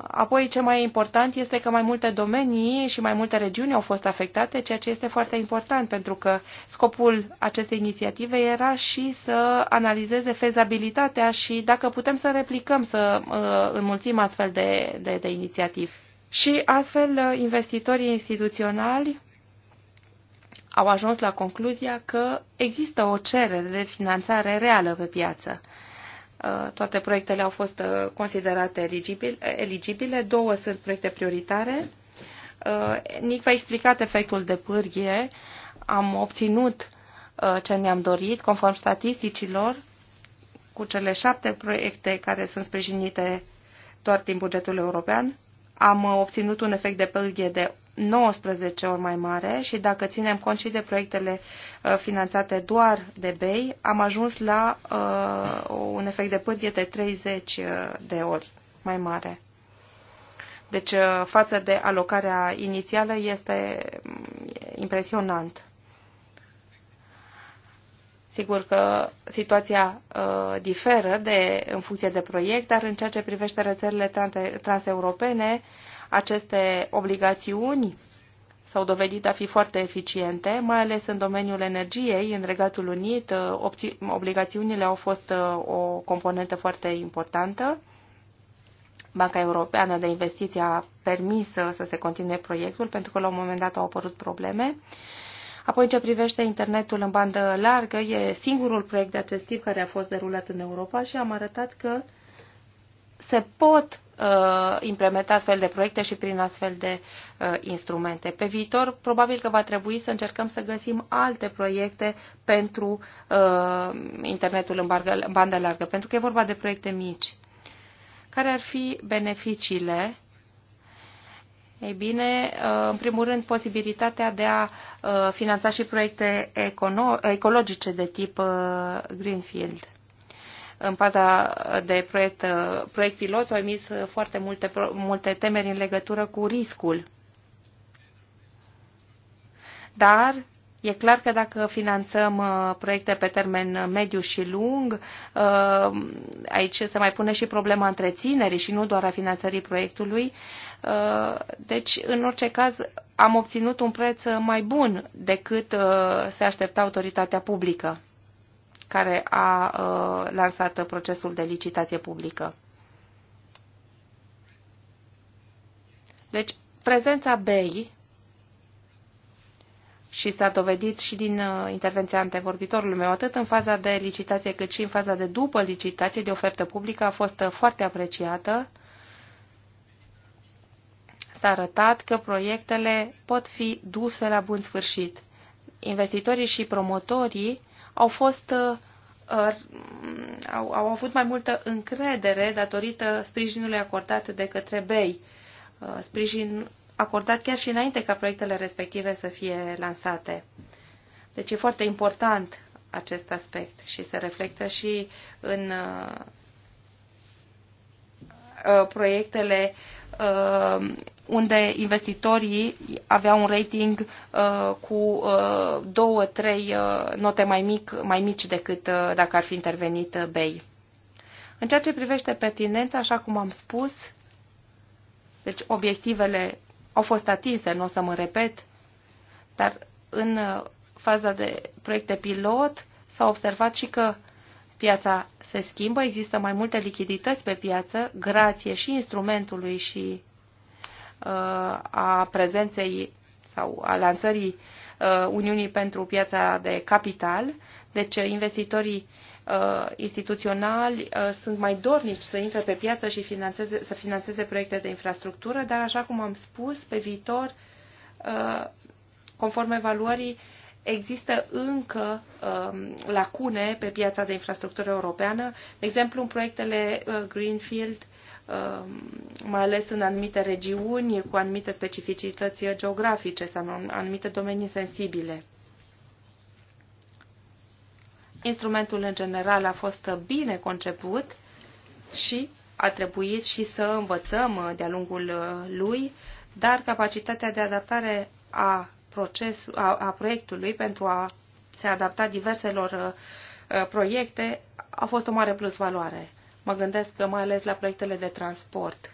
Apoi, ce mai important este că mai multe domenii și mai multe regiuni au fost afectate, ceea ce este foarte important, pentru că scopul acestei inițiative era și să analizeze fezabilitatea și dacă putem să replicăm, să uh, înmulțim astfel de, de, de inițiative. Și astfel, investitorii instituționali au ajuns la concluzia că există o cerere de finanțare reală pe piață Uh, toate proiectele au fost uh, considerate eligibile, două sunt proiecte prioritare. Uh, Nic v-a explicat efectul de pârghie, am obținut ce ne-am dorit conform statisticilor cu cele șapte proiecte care sunt sprijinite doar din bugetul european. Am obținut un efect de pârghie de 19 ori mai mare și dacă ținem cont și de proiectele uh, finanțate doar de BEI, am ajuns la uh, un efect de pârghie de 30 uh, de ori mai mare. Deci, uh, față de alocarea inițială, este mm, impresionant. Sigur că situația uh, diferă de, în funcție de proiect, dar în ceea ce privește rețelele transeuropene, trans aceste obligațiuni s-au dovedit a fi foarte eficiente, mai ales în domeniul energiei, în Regatul Unit, uh, obligațiunile au fost uh, o componentă foarte importantă. Banca Europeană de Investiții a permis uh, să se continue proiectul, pentru că la un moment dat au apărut probleme. Apoi, ce privește internetul în bandă largă, e singurul proiect de acest tip care a fost derulat în Europa și am arătat că se pot Uh, implementa astfel de proiecte și prin astfel de uh, instrumente. Pe viitor, probabil că va trebui să încercăm să găsim alte proiecte pentru uh, internetul în bandă largă, pentru că e vorba de proiecte mici. Care ar fi beneficiile ei bine, în primul rând, posibilitatea de a finanța și proiecte ecologice de tip Greenfield în faza de proiect, proiect pilot s-au emis foarte multe, multe temeri în legătură cu riscul. Dar E clar că dacă finanțăm uh, proiecte pe termen mediu și lung, uh, aici se mai pune și problema întreținerii și nu doar a finanțării proiectului. Uh, deci, în orice caz, am obținut un preț mai bun decât se aștepta autoritatea publică care a uh, lansat procesul de licitație publică. Deci, prezența BEI și s-a dovedit și din uh, intervenția antevorbitorului meu, atât în faza de licitație cât și în faza de după licitație, de ofertă publică, a fost uh, foarte apreciată. S-a arătat că proiectele pot fi duse la bun sfârșit. Investitorii și promotorii au fost uh, uh, au, au avut mai multă încredere datorită sprijinului acordat de către BEI, uh, sprijin acordat chiar și înainte ca proiectele respective să fie lansate. Deci e foarte important acest aspect și se reflectă și în proiectele unde investitorii aveau un rating uh, cu uh, două, trei uh, note mai, mic, mai mici decât uh, dacă ar fi intervenit uh, BEI. În ceea ce privește pertinența, așa cum am spus, deci obiectivele au fost atinse, nu o să mă repet, dar în uh, faza de proiecte pilot s-a observat și că piața se schimbă, există mai multe lichidități pe piață, grație și instrumentului și Uh, a prezenței sau a lansării uh, Uniunii pentru piața de capital. Deci uh, investitorii instituționali sunt mai dornici să intre pe piață și financeze, să financeze proiecte de infrastructură, dar așa cum am spus, pe viitor, conform evaluării, există încă um, lacune pe piața de infrastructură europeană. De exemplu, în proiectele uh, Greenfield Um, mai ales în anumite regiuni cu anumite specificități geografice sau în anumite domenii sensibile. Instrumentul în general a fost bine conceput și a trebuit și să învățăm de-a lungul lui, dar capacitatea de adaptare a, proces, a, a proiectului pentru a se adapta diverselor uh, proiecte a fost o mare plus valoare. Mă gândesc mai ales la proiectele de transport,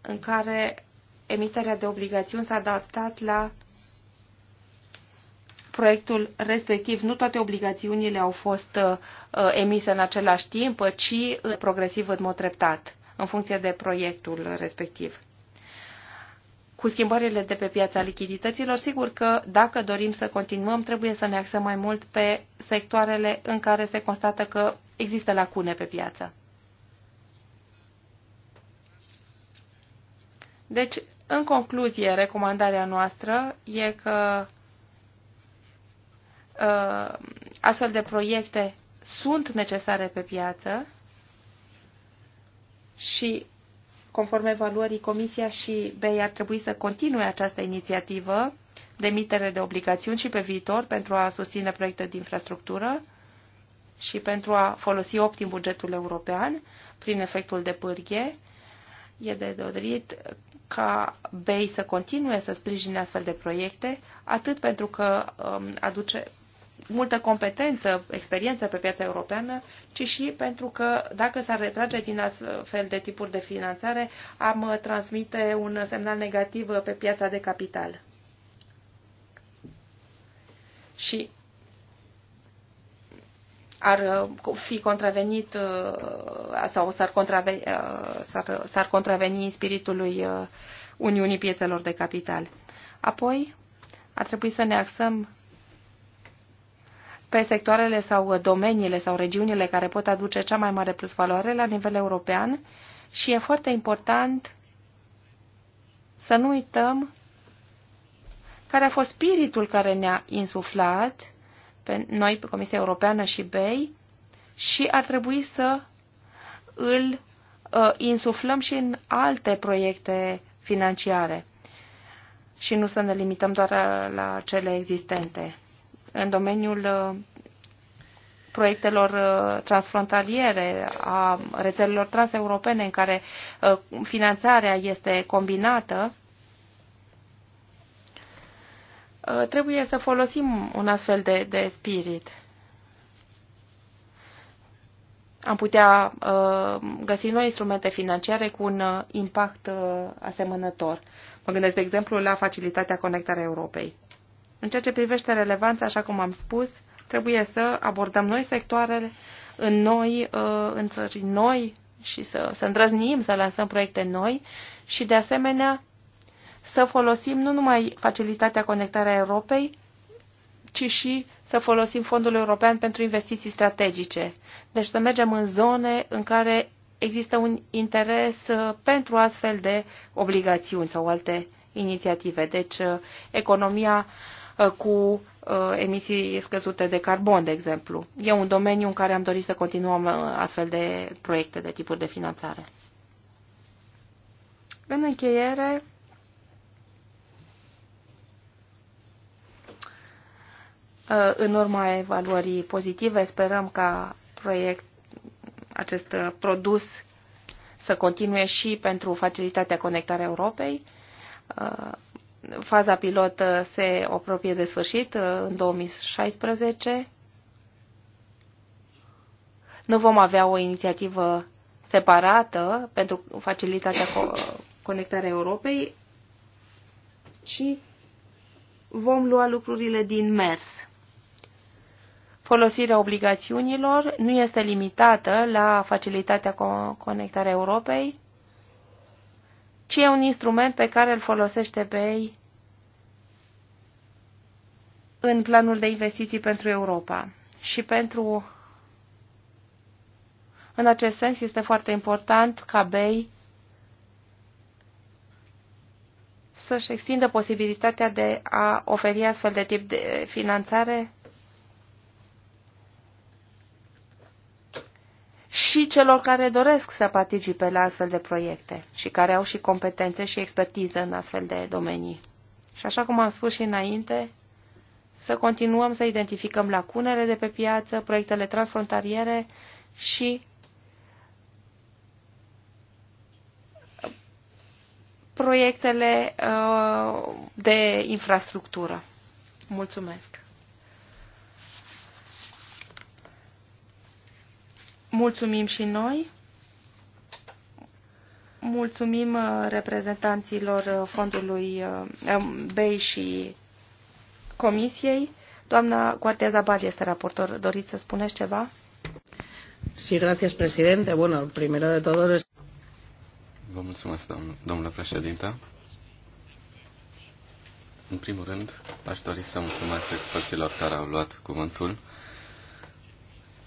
în care emiterea de obligațiuni s-a adaptat la proiectul respectiv. Nu toate obligațiunile au fost uh, uh, emise în același timp, ci uh, progresiv în mod treptat, în funcție de proiectul respectiv cu schimbările de pe piața lichidităților, sigur că dacă dorim să continuăm, trebuie să ne axăm mai mult pe sectoarele în care se constată că există lacune pe piață. Deci, în concluzie, recomandarea noastră e că uh, astfel de proiecte sunt necesare pe piață și Conform evaluării, Comisia și BEI ar trebui să continue această inițiativă de emitere de obligațiuni și pe viitor pentru a susține proiecte de infrastructură și pentru a folosi optim bugetul european prin efectul de pârghie. E de dorit ca BEI să continue să sprijine astfel de proiecte, atât pentru că um, aduce, multă competență, experiență pe piața europeană, ci și pentru că dacă s-ar retrage din astfel de tipuri de finanțare, am transmite un semnal negativ pe piața de capital. Și ar uh, fi contravenit uh, sau s-ar contraveni, uh, s-ar, contraveni spiritului Uniunii Piețelor de Capital. Apoi, ar trebui să ne axăm pe sectoarele sau domeniile sau regiunile care pot aduce cea mai mare plusvaloare la nivel european și e foarte important să nu uităm care a fost spiritul care ne-a insuflat pe noi, pe Comisia Europeană și BEI și ar trebui să îl uh, insuflăm și în alte proiecte financiare și nu să ne limităm doar la cele existente în domeniul uh, proiectelor uh, transfrontaliere, a rețelelor transeuropene în care uh, finanțarea este combinată, trebuie să folosim un astfel de, de spirit. Am putea uh, găsi noi instrumente financiare cu un uh, impact uh, asemănător. Mă gândesc, de exemplu, la facilitatea conectarea Europei. În ceea ce privește relevanța, așa cum am spus, trebuie să abordăm noi sectoarele în noi, uh, în țări noi și să, să îndrăznim să lansăm proiecte noi și, de asemenea, să folosim nu numai facilitatea conectarea Europei, ci și să folosim fondul european pentru investiții strategice. Deci să mergem în zone în care există un interes uh, pentru astfel de obligațiuni sau alte inițiative. Deci uh, economia Uh, cu uh, emisii scăzute de carbon, de exemplu. E un domeniu în care am dorit să continuăm uh, astfel de proiecte de tipuri de finanțare. În încheiere, în urma evaluării pozitive, sperăm ca proiect, acest produs să continue și pentru facilitatea conectarea Europei faza pilot uh, se apropie de sfârșit uh, în 2016. Nu vom avea o inițiativă separată pentru facilitatea conectarea Europei, și vom lua lucrurile din mers. Folosirea obligațiunilor nu este limitată la facilitatea conectarea Europei, ci e un instrument pe care îl folosește BEI în planul de investiții pentru Europa. Și pentru în acest sens este foarte important ca BEI să-și extindă posibilitatea de a oferi astfel de tip de finanțare și celor care doresc să participe la astfel de proiecte și care au și competențe și expertiză în astfel de domenii. Și așa cum am spus și înainte, să continuăm să identificăm lacunele de pe piață, proiectele transfrontaliere și uh, proiectele uh, de infrastructură. Mulțumesc! Mulțumim și noi. Mulțumim uh, reprezentanților uh, fondului uh, um, BEI și Comisiei. Doamna Cuartea Zabal este raportor. Doriți să spuneți ceva? Sí, gracias, presidente. Bueno, primero de todo... Es... Vă mulțumesc, domnule președinte. În primul rând, aș dori să mulțumesc experților care au luat cuvântul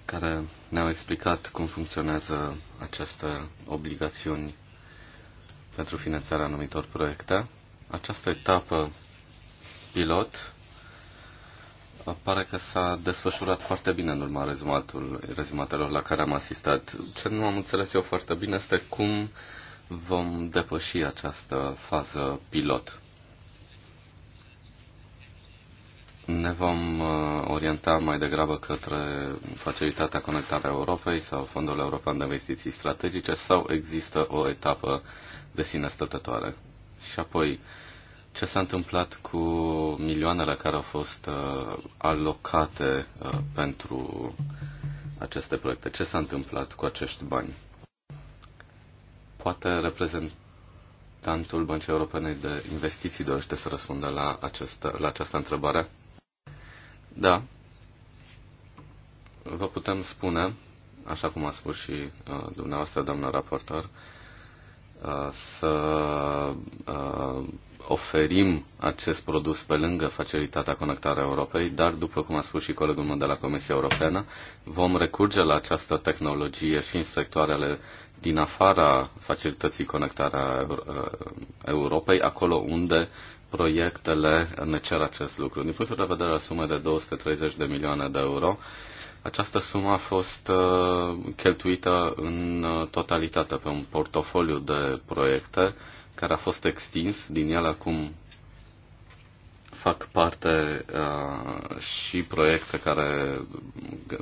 care ne-au explicat cum funcționează aceste obligațiuni pentru finanțarea anumitor proiecte. Această etapă pilot uh, pare că s-a desfășurat foarte bine în urma rezumatul, rezumatelor la care am asistat. Ce nu am înțeles eu foarte bine este cum vom depăși această fază pilot. Ne vom uh, orienta mai degrabă către facilitatea conectarea Europei sau Fondul European de Investiții Strategice sau există o etapă de sine stătătoare? Și apoi, ce s-a întâmplat cu milioanele care au fost uh, alocate uh, pentru aceste proiecte? Ce s-a întâmplat cu acești bani? Poate reprezentantul Băncii Europene de Investiții dorește să răspundă la, acest, la această întrebare? Da, vă putem spune, așa cum a spus și uh, dumneavoastră, doamnă raportor, uh, să uh, oferim acest produs pe lângă facilitatea conectarea Europei, dar, după cum a spus și colegul meu de la Comisia Europeană, vom recurge la această tehnologie și în sectoarele din afara facilității conectarea uh, Europei, acolo unde proiectele ne cer acest lucru. Din punctul de vedere al sumei de 230 de milioane de euro, această sumă a fost uh, cheltuită în uh, totalitate pe un portofoliu de proiecte care a fost extins. Din el acum fac parte uh, și proiecte care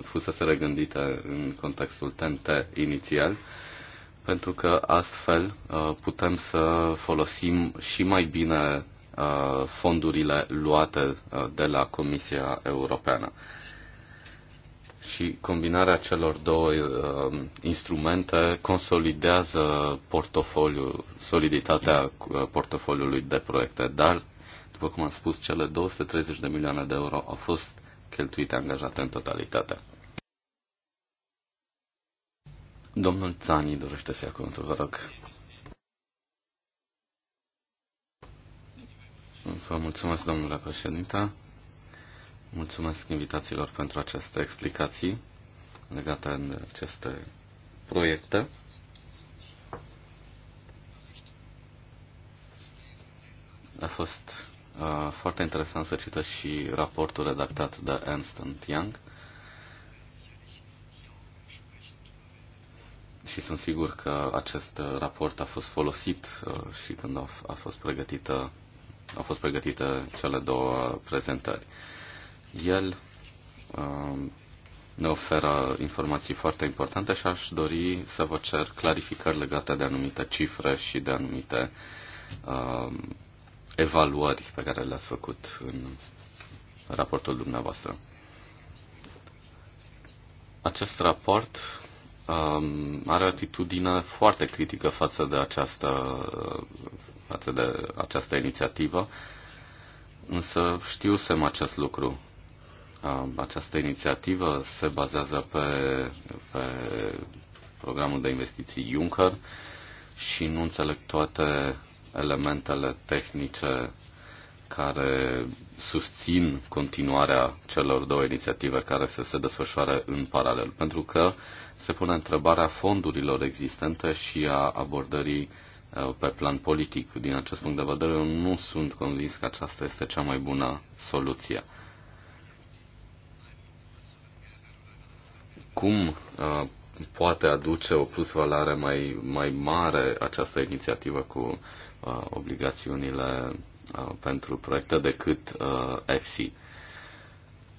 fusese regândite în contextul TNT inițial, pentru că astfel uh, putem să folosim și mai bine Uh, fondurile luate uh, de la Comisia Europeană. Și combinarea celor două uh, instrumente consolidează portofoliul, soliditatea portofoliului de proiecte, dar, după cum am spus, cele 230 de milioane de euro au fost cheltuite, angajate în totalitate. Domnul Țani dorește să ia cuvântul, vă rog. Vă mulțumesc, domnule președinte. Mulțumesc invitațiilor pentru aceste explicații legate de aceste proiecte. A fost uh, foarte interesant să citesc și raportul redactat de Ernst Young. Și sunt sigur că acest raport a fost folosit uh, și când a, a fost pregătită au fost pregătite cele două prezentări. El um, ne oferă informații foarte importante și aș dori să vă cer clarificări legate de anumite cifre și de anumite uh, evaluări pe care le-ați făcut în raportul dumneavoastră. Acest raport uh, are o atitudine foarte critică față de această față de această inițiativă, însă sem acest lucru. Uh, această inițiativă se bazează pe, pe programul de investiții Juncker și nu înțeleg toate elementele tehnice care susțin continuarea celor două inițiative care să se desfășoare în paralel, pentru că se pune întrebarea fondurilor existente și a abordării uh, Uh, pe plan politic. Din acest punct de vedere, eu nu sunt convins că aceasta este cea mai bună soluție. Cum uh, poate aduce o plusvaloare mai, mai mare această inițiativă cu uh, obligațiunile uh, pentru proiecte decât uh,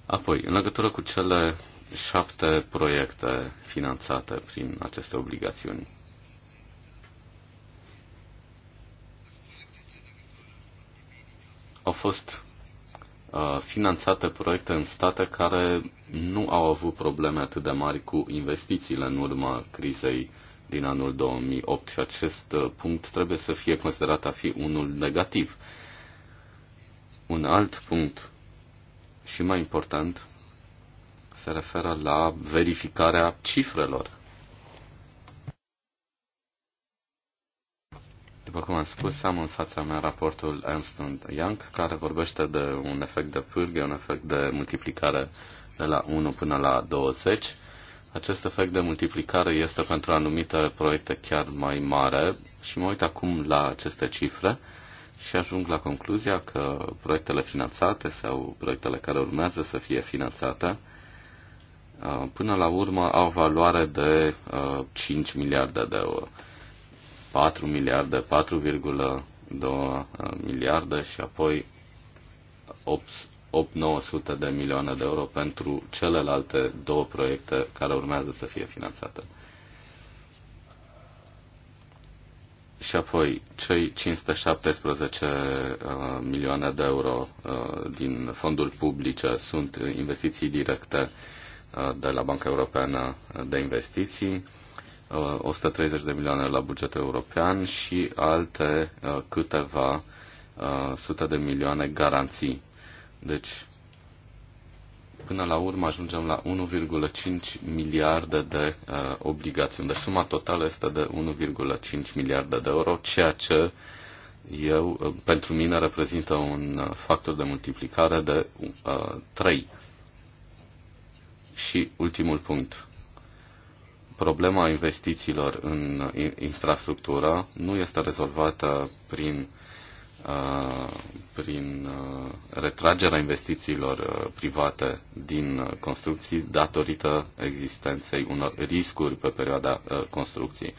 Apoi, în legătură cu cele șapte proiecte finanțate prin aceste obligațiuni, au fost uh, finanțate proiecte în state care nu au avut probleme atât de mari cu investițiile în urma crizei din anul 2008 și acest uh, punct trebuie să fie considerat a fi unul negativ. Un alt punct și mai important se referă la verificarea cifrelor. După cum am spus, am în fața mea raportul Ernst Young, care vorbește de un efect de pârghie, un efect de multiplicare de la 1 până la 20. Acest efect de multiplicare este pentru anumite proiecte chiar mai mare și mă uit acum la aceste cifre și ajung la concluzia că proiectele finanțate sau proiectele care urmează să fie finanțate uh, până la urmă au valoare de 5 uh, miliarde de euro. 4 miliarde, 4,2 uh, miliarde și apoi 8-900 de milioane de euro pentru celelalte două proiecte care urmează să fie finanțate. Și apoi, cei 517 uh, milioane de euro uh, din fonduri publice sunt investiții directe de la Banca Europeană de Investiții. 130 uh, de milioane la bugetul european și alte uh, câteva uh, sute de milioane garanții. Deci, până la urmă ajungem la 1,5 miliarde de uh, obligațiuni. Deci suma totală este de 1,5 miliarde de euro, ceea ce eu, pentru mine reprezintă un factor de multiplicare de uh, 3. Și ultimul punct problema investițiilor în infrastructură nu este rezolvată prin, uh, prin uh, retragerea investițiilor uh, private din construcții datorită existenței unor riscuri pe perioada construcției.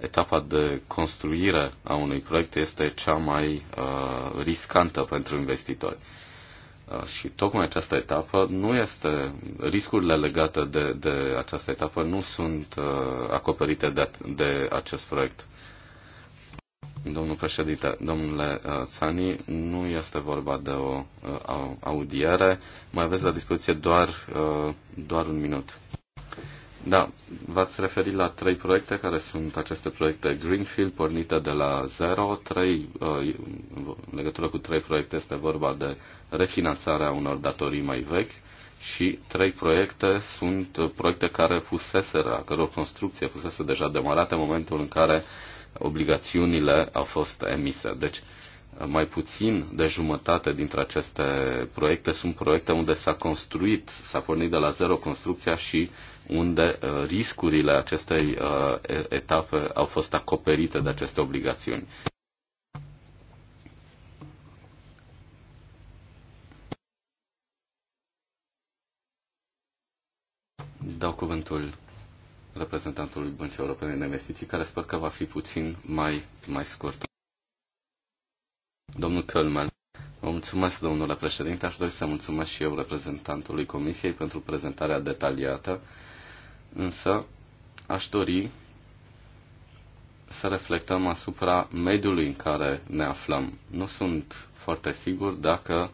Etapa de construire a unui proiect este cea mai riscantă pentru investitori. Uh, și tocmai această etapă nu este, riscurile legate de, de această etapă nu sunt uh, acoperite de, de acest proiect. Domnul președinte, domnule uh, Țani, nu este vorba de o audiere. Mai aveți la dispoziție doar, doar un minut. Da, v-ați referit la trei proiecte care sunt aceste proiecte Greenfield, pornite de la zero, trei, uh, în legătură cu trei proiecte este vorba de refinanțarea unor datorii mai vechi și trei proiecte sunt proiecte care fuseseră, a căror construcție fusese deja demarată în momentul în care obligațiunile au fost emise. Deci, mai puțin de jumătate dintre aceste proiecte sunt proiecte unde s-a construit, s-a pornit de la zero construcția și unde uh, riscurile acestei uh, etape au fost acoperite de aceste obligațiuni. Dau cuvântul reprezentantului Băncii Europene de Investiții, care sper că va fi puțin mai, mai scurt. Domnul Kölmel. Vă mulțumesc, domnule președinte. Aș dori să mulțumesc și eu reprezentantului Comisiei pentru prezentarea detaliată însă aș dori să reflectăm asupra mediului în care ne aflăm. Nu sunt foarte sigur dacă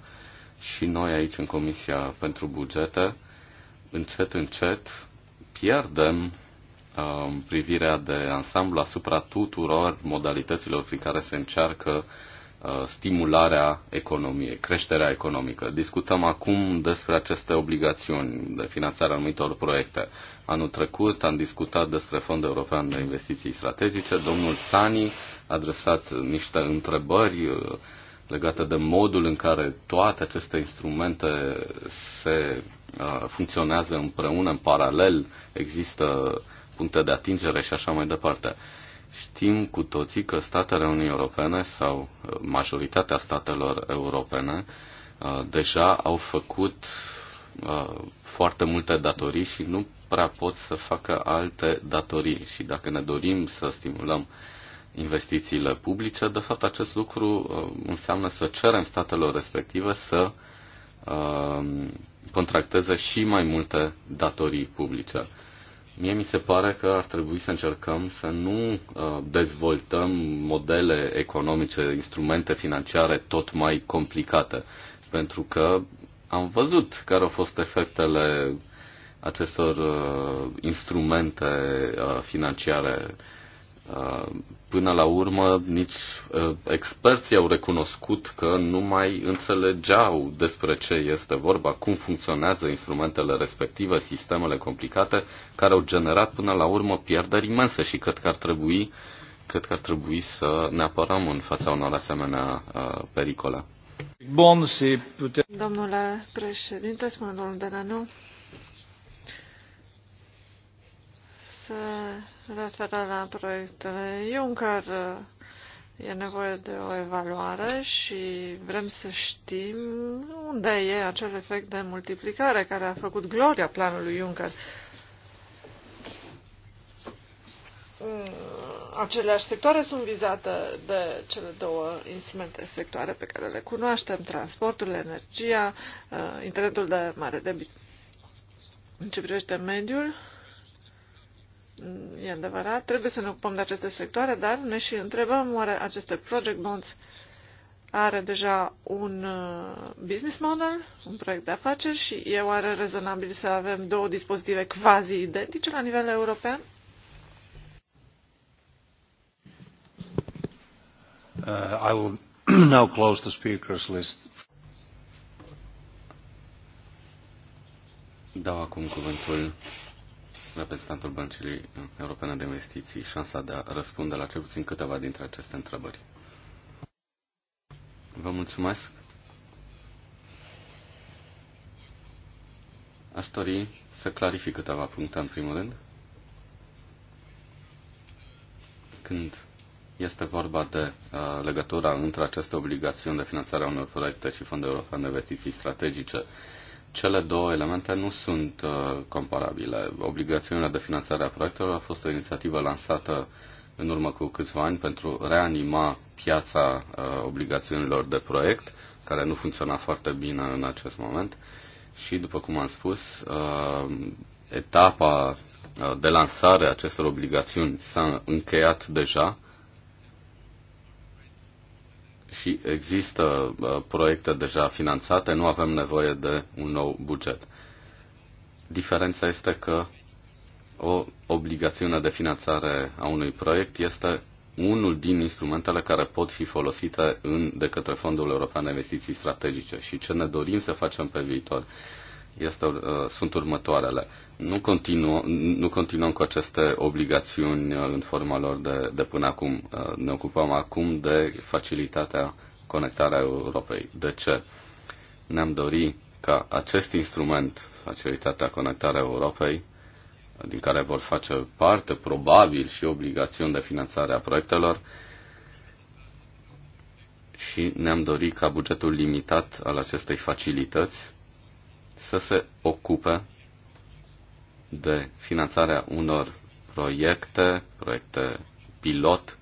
și noi aici în Comisia pentru Bugete încet, încet pierdem um, privirea de ansamblu asupra tuturor modalităților prin care se încearcă Uh, stimularea economiei, creșterea economică. Discutăm acum despre aceste obligațiuni de finanțare a anumitor proiecte. Anul trecut am discutat despre Fondul European de Investiții Strategice. Domnul Sani a adresat niște întrebări uh, legate de modul în care toate aceste instrumente se uh, funcționează împreună, în paralel, există puncte de atingere și așa mai departe. Uh, Știm cu toții că statele Uniunii Europene sau uh, majoritatea statelor europene uh, deja au făcut uh, foarte multe datorii și nu prea pot să facă alte datorii. Și dacă ne dorim să stimulăm investițiile publice, de fapt acest lucru înseamnă să cerem statelor respective să contracteze și mai multe datorii publice. Mie mi se pare că ar trebui să încercăm să nu uh, dezvoltăm modele economice, instrumente financiare tot mai complicate, pentru că am văzut care au fost efectele acestor uh, instrumente uh, financiare Uh, până la urmă, nici uh, experții au recunoscut că nu mai înțelegeau despre ce este vorba, cum funcționează instrumentele respective, sistemele complicate, care au generat până la urmă pierderi imense și cred că ar trebui, cred că ar trebui să ne apărăm în fața unor asemenea uh, pericole. Bun, si pute... Domnule președinte, spune domnul Dananu să Referat la proiectele Juncker. E nevoie de o evaluare și vrem să știm unde e acel efect de multiplicare care a făcut gloria planului Juncker. Mm, aceleași sectoare sunt vizate de cele două instrumente sectoare pe care le cunoaștem, transportul, energia, uh, internetul de mare debit. În ce privește mediul, e adevărat, trebuie să ne ocupăm de aceste sectoare, dar ne și întrebăm oare aceste project bonds are deja un uh, business model, un proiect de afaceri și e oare rezonabil să avem două dispozitive quasi identice la nivel european? Uh, I will (clears throat) now close the speakers list. Dau acum cuvântul reprezentantul Băncii Europene de Investiții șansa de a răspunde la cel puțin câteva dintre aceste întrebări. Vă mulțumesc. Aș dori să clarific câteva puncte în primul rând. Când este vorba de uh, legătura între aceste obligațiuni de finanțare a unor proiecte și Fondul European de Investiții Strategice, uh, cele două elemente nu sunt uh, comparabile. Obligațiunile de finanțare a proiectelor a fost o inițiativă lansată în urmă cu câțiva ani pentru reanima piața uh, obligațiunilor de proiect, care nu funcționa foarte bine în acest moment. Și, după cum am spus, uh, etapa uh, de lansare a acestor obligațiuni s-a încheiat deja și există uh, proiecte deja finanțate, nu avem nevoie de un nou buget. Diferența este că o obligațiune de finanțare a unui proiect este unul din instrumentele care pot fi folosite în, de către Fondul European de Investiții Strategice și ce ne dorim să facem pe viitor este, uh, sunt următoarele. Nu, continu, nu continuăm cu aceste obligațiuni uh, în forma lor de, de până acum. Uh, ne ocupăm acum de facilitatea conectarea Europei. De ce? Ne-am dorit ca acest instrument, facilitatea conectarea Europei, din care vor face parte probabil și obligațiuni de finanțare a proiectelor, și ne-am dorit ca bugetul limitat al acestei facilități să se ocupe de finanțarea unor proiecte, proiecte pilot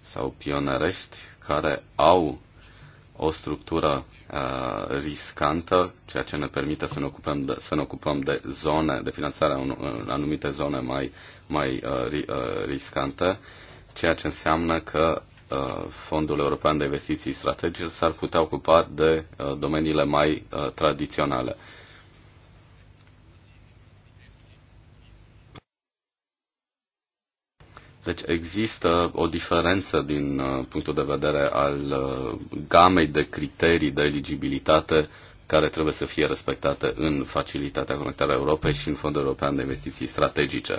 sau pionerești care au o structură uh, riscantă, ceea ce ne permite să ne ocupăm de, să ne ocupăm de zone, de finanțarea în anumite zone mai, mai uh, ri, uh, riscante, ceea ce înseamnă că uh, Fondul European de Investiții Strategice s-ar putea ocupa de uh, domeniile mai uh, tradiționale. Uh, Deci există o diferență din uh, punctul de vedere al uh, gamei de criterii de eligibilitate care trebuie să fie respectate în Facilitatea Conectarea Europei și în Fondul European de Investiții Strategice.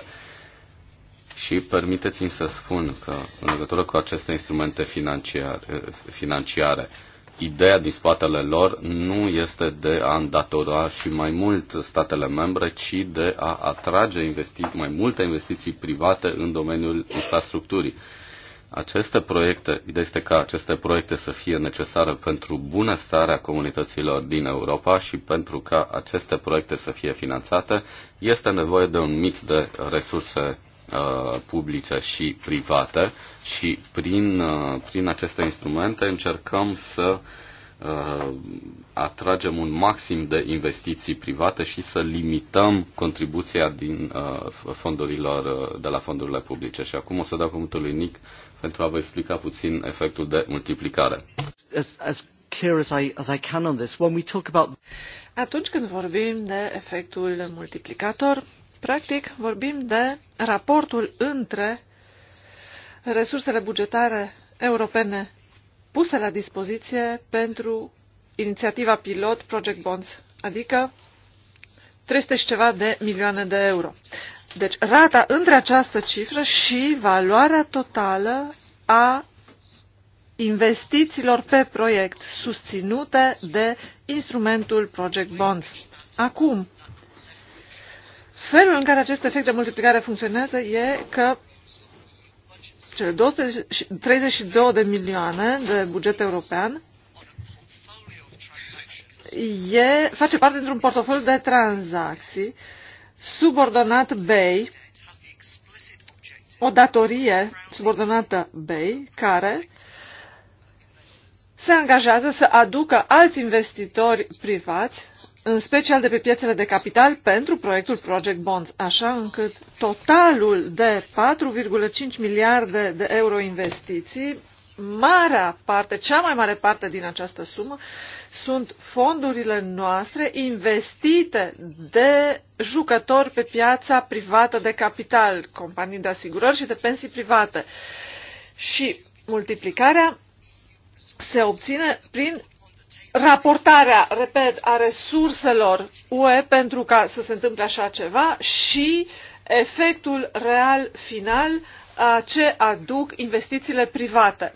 Și permiteți-mi să spun că în legătură cu aceste instrumente financiare, eh, financiare ideea din spatele lor nu este de a îndatora și mai mult statele membre, ci de a atrage investi- mai multe investiții private în domeniul infrastructurii. Aceste proiecte, ideea este ca aceste proiecte să fie necesare pentru bunăstarea comunităților din Europa și pentru ca aceste proiecte să fie finanțate, este nevoie de un mix de resurse Uh, publice și private și prin, uh, prin aceste instrumente încercăm să uh, atragem un maxim de investiții private și să limităm contribuția din fondurilor, de la fondurile publice. Și acum o să dau cuvântul lui Nic pentru a vă explica puțin efectul de multiplicare. as clear as I, as I can on this. When we talk about... Atunci când vorbim de efectul multiplicator, Practic, vorbim de raportul între resursele bugetare europene puse la dispoziție pentru inițiativa pilot Project Bonds, adică 300 și ceva de milioane de euro. Deci rata între această cifră și valoarea totală a investițiilor pe proiect susținute de instrumentul Project Bonds. Acum, Felul în care acest efect de multiplicare funcționează e că cele 232 de milioane de buget european e, face parte dintr-un portofoliu de tranzacții subordonat BEI, o datorie subordonată BEI, care se angajează să aducă alți investitori privați în special de pe piețele de capital, pentru proiectul Project Bonds, așa încât totalul de 4,5 miliarde de euro investiții, marea parte, cea mai mare parte din această sumă, sunt fondurile noastre investite de jucători pe piața privată de capital, companii de asigurări și de pensii private. Și multiplicarea se obține prin raportarea, repet, a resurselor UE pentru ca să se întâmple așa ceva și efectul real final a ce aduc investițiile private.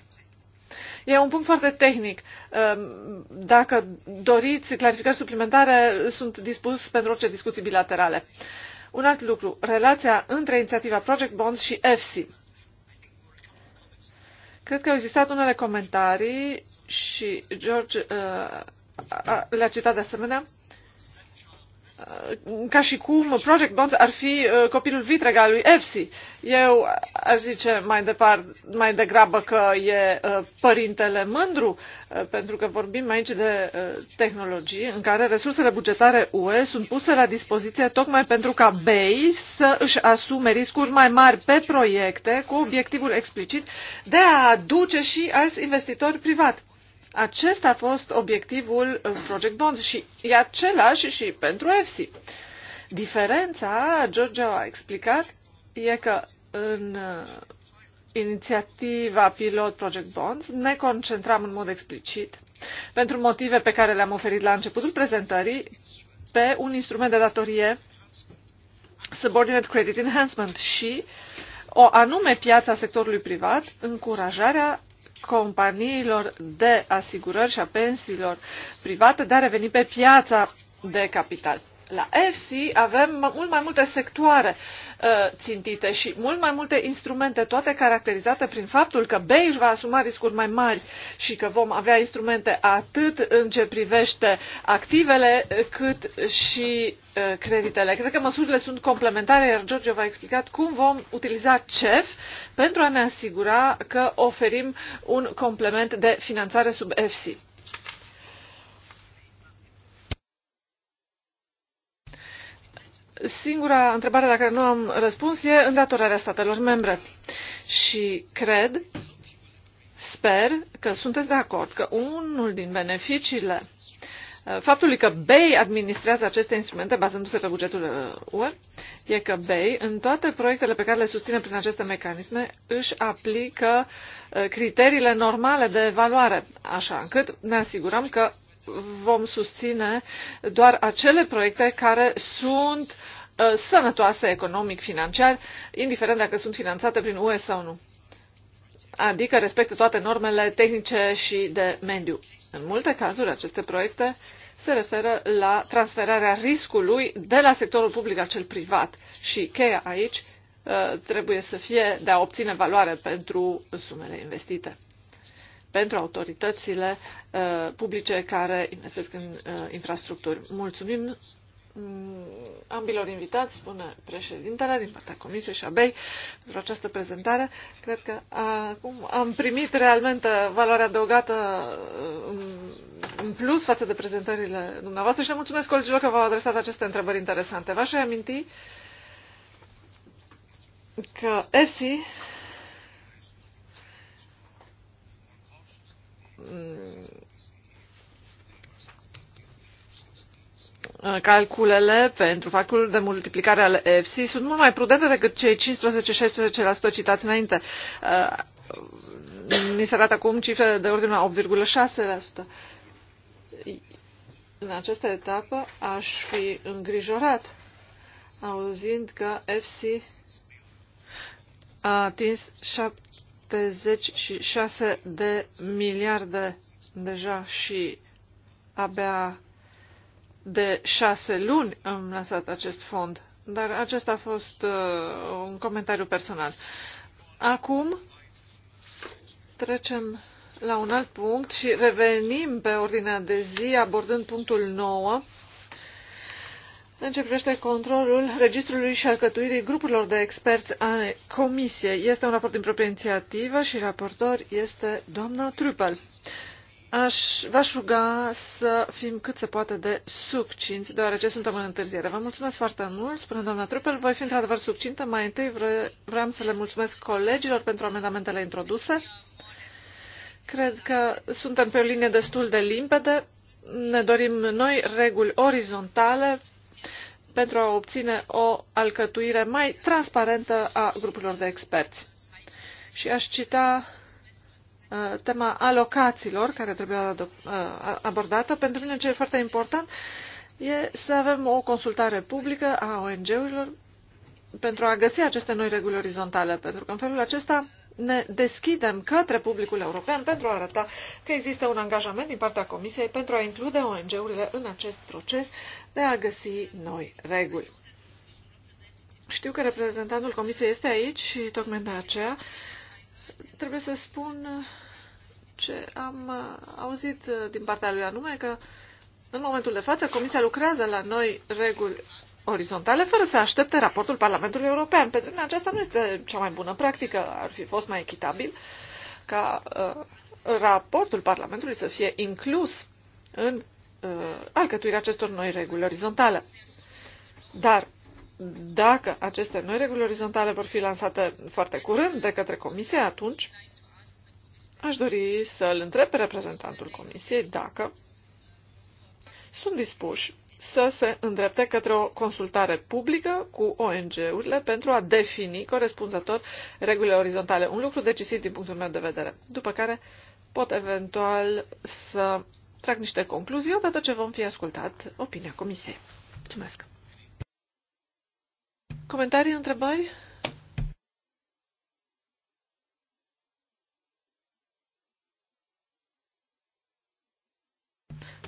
E un punct foarte tehnic. Ehm, dacă doriți clarificări suplimentare, sunt dispus pentru orice discuții bilaterale. Un alt lucru, relația între inițiativa Project Bonds și EFSI. Cred că au existat unele comentarii și George uh, le-a citat de asemenea ca și cum Project Bonds ar fi uh, copilul vitreg al lui EFSI. Eu aș zice mai, departe, mai degrabă că e uh, părintele mândru, uh, pentru că vorbim aici de tehnologii în care resursele bugetare UE sunt puse la dispoziție tocmai pentru ca BEI să își asume riscuri mai mari pe proiecte cu obiectivul explicit de a aduce și alți investitori privați acesta a fost obiectivul Project Bond și e același și pentru EFSI. Diferența, George a explicat, e că în uh, inițiativa pilot Project Bonds ne concentram în mod explicit, pentru motive pe care le-am oferit la începutul prezentării, pe un instrument de datorie Subordinate Credit Enhancement și o anume piață a sectorului privat, încurajarea companiilor de asigurări și a pensiilor private de a reveni pe piața de capital la EFSI avem mult mai multe sectoare uh, țintite și mult mai multe instrumente, toate caracterizate prin faptul că BEI își va asuma riscuri mai mari și că vom avea instrumente atât în ce privește activele, cât și uh, creditele. Cred că măsurile sunt complementare, iar George v-a explicat cum vom utiliza CEF pentru a ne asigura că oferim un complement de finanțare sub EFSI. Singura întrebare la care nu am răspuns e îndatorarea statelor membre. Și cred, sper că sunteți de acord că unul din beneficiile uh, faptului că BEI administrează aceste instrumente bazându-se pe bugetul uh, UE e că BEI în toate proiectele pe care le susține prin aceste mecanisme își aplică uh, criteriile normale de evaluare, așa încât ne asigurăm că vom susține doar acele proiecte care sunt uh, sănătoase economic, financiar, indiferent dacă sunt finanțate prin UE sau nu. Adică respectă toate normele tehnice și de mediu. În multe cazuri, aceste proiecte se referă la transferarea riscului de la sectorul public la cel privat și cheia aici uh, trebuie să fie de a obține valoare pentru sumele investite pentru autoritățile uh, publice care investesc în uh, infrastructuri. Mulțumim mm, ambilor invitați, spune președintele din partea Comisiei și a BEI pentru această prezentare. Cred că acum am primit realmente valoarea adăugată uh, în plus față de prezentările dumneavoastră și le mulțumesc colegilor că v-au adresat aceste întrebări interesante. V-aș aminti că ESI Mm. calculele pentru factorul de multiplicare al EFSI sunt mult mai prudente decât cei 15-16% citați înainte. Uh, ni se arată acum cifre de ordine la 8,6%. În această etapă aș fi îngrijorat auzind că EFSI a atins 7 76 de miliarde deja și abia de șase luni am lansat acest fond. Dar acesta a fost uh, un comentariu personal. Acum trecem la un alt punct și revenim pe ordinea de zi abordând punctul 9 în ce privește controlul registrului și alcătuirii grupurilor de experți ale Comisiei. Este un raport din proprie inițiativă și raportor este doamna Trupel. Aș, v-aș ruga să fim cât se poate de succinți, deoarece suntem în întârziere. Vă mulțumesc foarte mult, spune doamna Trupel. Voi fi într-adevăr succintă. Mai întâi vre, vreau să le mulțumesc colegilor pentru amendamentele introduse. Cred că suntem pe o linie destul de limpede. Ne dorim noi reguli orizontale pentru a obține o alcătuire mai transparentă a grupurilor de experți. Și aș cita uh, tema alocațiilor care trebuie uh, abordată. Pentru mine ce e foarte important e să avem o consultare publică a ONG-urilor pentru a găsi aceste noi reguli orizontale, pentru că în felul acesta ne deschidem către publicul european pentru a arăta că există un angajament din partea Comisiei pentru a include ONG-urile în acest proces de a găsi noi reguli. Știu că reprezentantul Comisiei este aici și tocmai de aceea trebuie să spun ce am auzit din partea lui anume că în momentul de față Comisia lucrează la noi reguli orizontale fără să aștepte raportul Parlamentului European, pentru că aceasta nu este cea mai bună practică. Ar fi fost mai echitabil ca uh, raportul Parlamentului să fie inclus în uh, alcătuirea acestor noi reguli orizontale. Dar dacă aceste noi reguli orizontale vor fi lansate foarte curând de către Comisie, atunci aș dori să-l întreb pe reprezentantul Comisiei dacă sunt dispuși să se îndrepte către o consultare publică cu ONG-urile pentru a defini corespunzător regulile orizontale. Un lucru decisiv din punctul meu de vedere. După care pot eventual să trag niște concluzii odată ce vom fi ascultat opinia Comisiei. Mulțumesc! Comentarii, întrebări?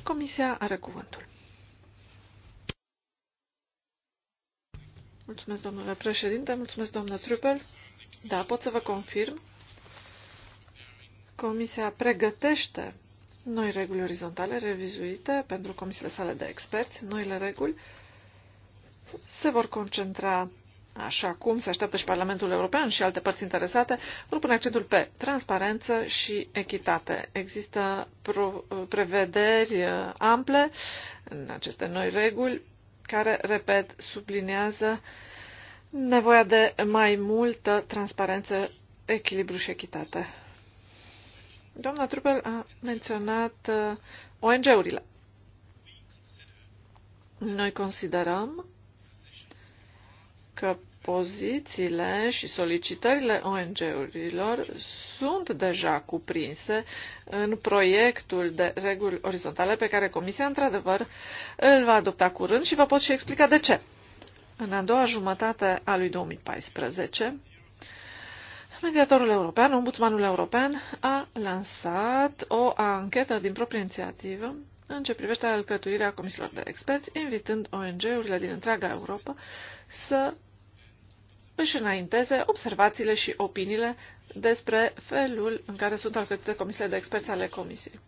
Comisia are cuvântul. Mulțumesc, domnule președinte, mulțumesc, domnule Trupel. Da, pot să vă confirm. Comisia pregătește noi reguli orizontale revizuite pentru comisiile sale de experți. Noile reguli se vor concentra, așa cum se așteaptă și Parlamentul European și alte părți interesate, vor pune accentul pe transparență și echitate. Există prevederi uh, ample în aceste noi reguli care, repet, sublinează nevoia de mai multă transparență, echilibru și echitate. Doamna Trupel a menționat uh, ONG-urile. Noi considerăm că pozițiile și solicitările ONG-urilor sunt deja cuprinse în proiectul de reguli orizontale pe care Comisia, într-adevăr, îl va adopta curând și vă pot și explica de ce. În a doua jumătate a lui 2014, mediatorul european, ombudsmanul european, a lansat o anchetă din proprie inițiativă în ce privește alcătuirea comisilor de experți, invitând ONG-urile din întreaga Europa să își înainteze observațiile și opiniile despre felul în care sunt alcătuite comisiile de experți ale comisiei.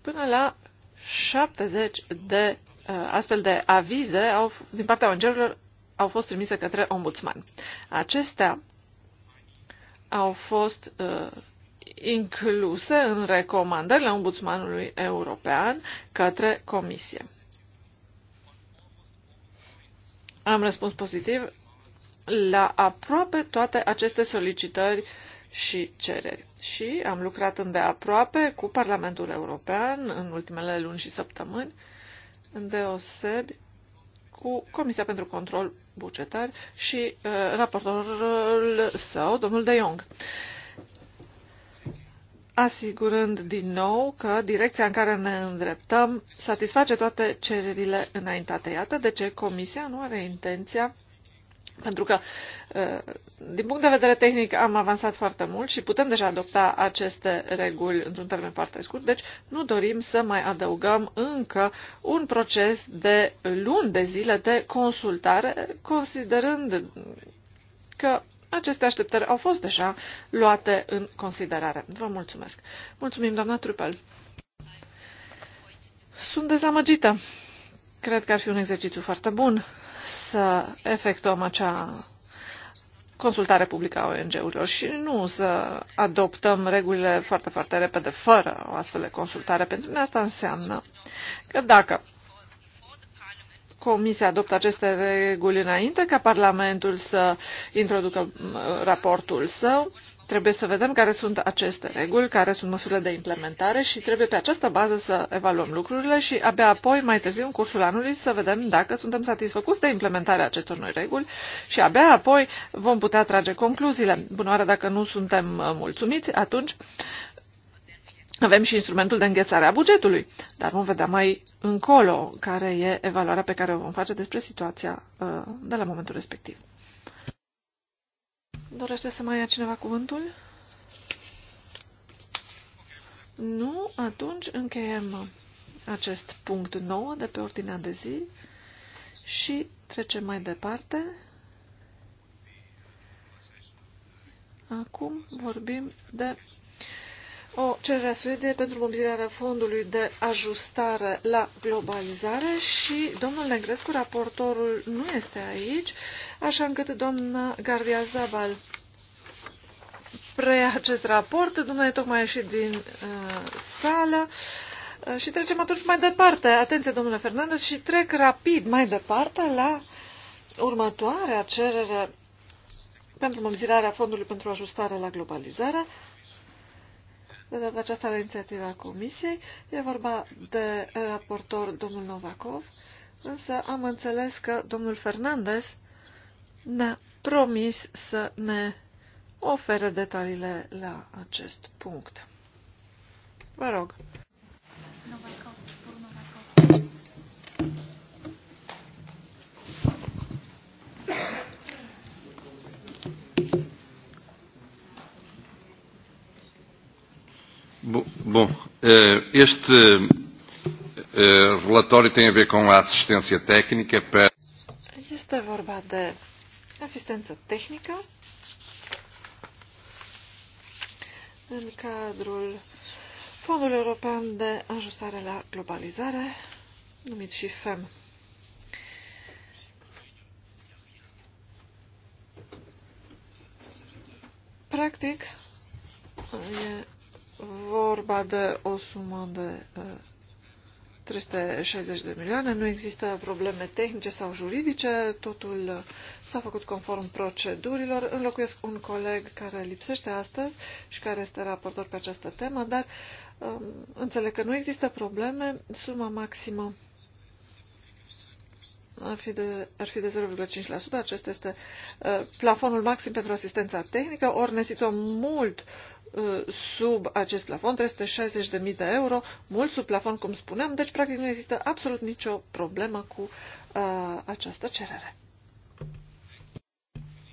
Până la 70 de uh, astfel de avize au, din partea ongerilor au fost trimise către ombudsman. Acestea au fost uh, incluse în recomandările ombudsmanului european către comisie. Am răspuns pozitiv la aproape toate aceste solicitări și cereri. Și am lucrat îndeaproape cu Parlamentul European în ultimele luni și săptămâni, îndeosebi cu Comisia pentru Control Bugetar și uh, raportorul său, domnul De Jong, asigurând din nou că direcția în care ne îndreptăm satisface toate cererile înaintate. Iată de ce Comisia nu are intenția pentru că, uh, din punct de vedere tehnic, am avansat foarte mult și putem deja adopta aceste reguli într-un termen foarte scurt, deci nu dorim să mai adăugăm încă un proces de luni de zile de consultare, considerând că aceste așteptări au fost deja luate în considerare. Vă mulțumesc. Mulțumim, doamna Trupel. Sunt dezamăgită. Cred că ar fi un exercițiu foarte bun să efectuăm acea consultare publică a ONG-urilor și nu să adoptăm regulile foarte, foarte repede, fără o astfel de consultare. Pentru mine asta înseamnă că dacă Comisia adoptă aceste reguli înainte ca Parlamentul să introducă raportul său, Trebuie să vedem care sunt aceste reguli, care sunt măsurile de implementare și trebuie pe această bază să evaluăm lucrurile și abia apoi, mai târziu, în cursul anului, să vedem dacă suntem satisfăcuți de implementarea acestor noi reguli și abia apoi vom putea trage concluziile. Bună oară, dacă nu suntem uh, mulțumiți, atunci avem și instrumentul de înghețare a bugetului, dar vom vedea mai încolo care e evaluarea pe care o vom face despre situația uh, de la momentul respectiv. Dorește să mai ia cineva cuvântul? Nu? Atunci încheiem acest punct 9 de pe ordinea de zi și trecem mai departe. Acum vorbim de o cerere a Suediei pentru mobilizarea fondului de ajustare la globalizare și domnul Negrescu, raportorul, nu este aici, așa încât doamna Gardia Zabal preia acest raport. Dumnezeu tocmai a ieșit din uh, sală. Uh, și trecem atunci mai departe. Atenție, domnule Fernandez, și trec rapid mai departe la următoarea cerere pentru mobilizarea fondului pentru ajustare la globalizare de data aceasta la inițiativa Comisiei e vorba de raportor domnul Novakov, însă am înțeles că domnul Fernandez ne-a promis să ne ofere detaliile la acest punct. Vă rog. Bom, eh, este eh, relatório tem a ver com a assistência técnica para. Este vorba de assistência tehnică în cadrul Fondului European de Ajustare la Globalizare, numit și FEM. Practic, e vorba de o sumă de 360 uh, de milioane, nu există probleme tehnice sau juridice, totul uh, s-a făcut conform procedurilor. Înlocuiesc un coleg care lipsește astăzi și care este raportor pe această temă, dar um, înțeleg că nu există probleme. Suma maximă ar fi de, ar fi de 0,5%. Acesta este uh, plafonul maxim pentru asistența tehnică. Ori ne situăm mult Uh, sub acest plafon, 360.000 de euro, mult sub plafon, cum spuneam, deci practic nu există absolut nicio problemă cu uh, această cerere.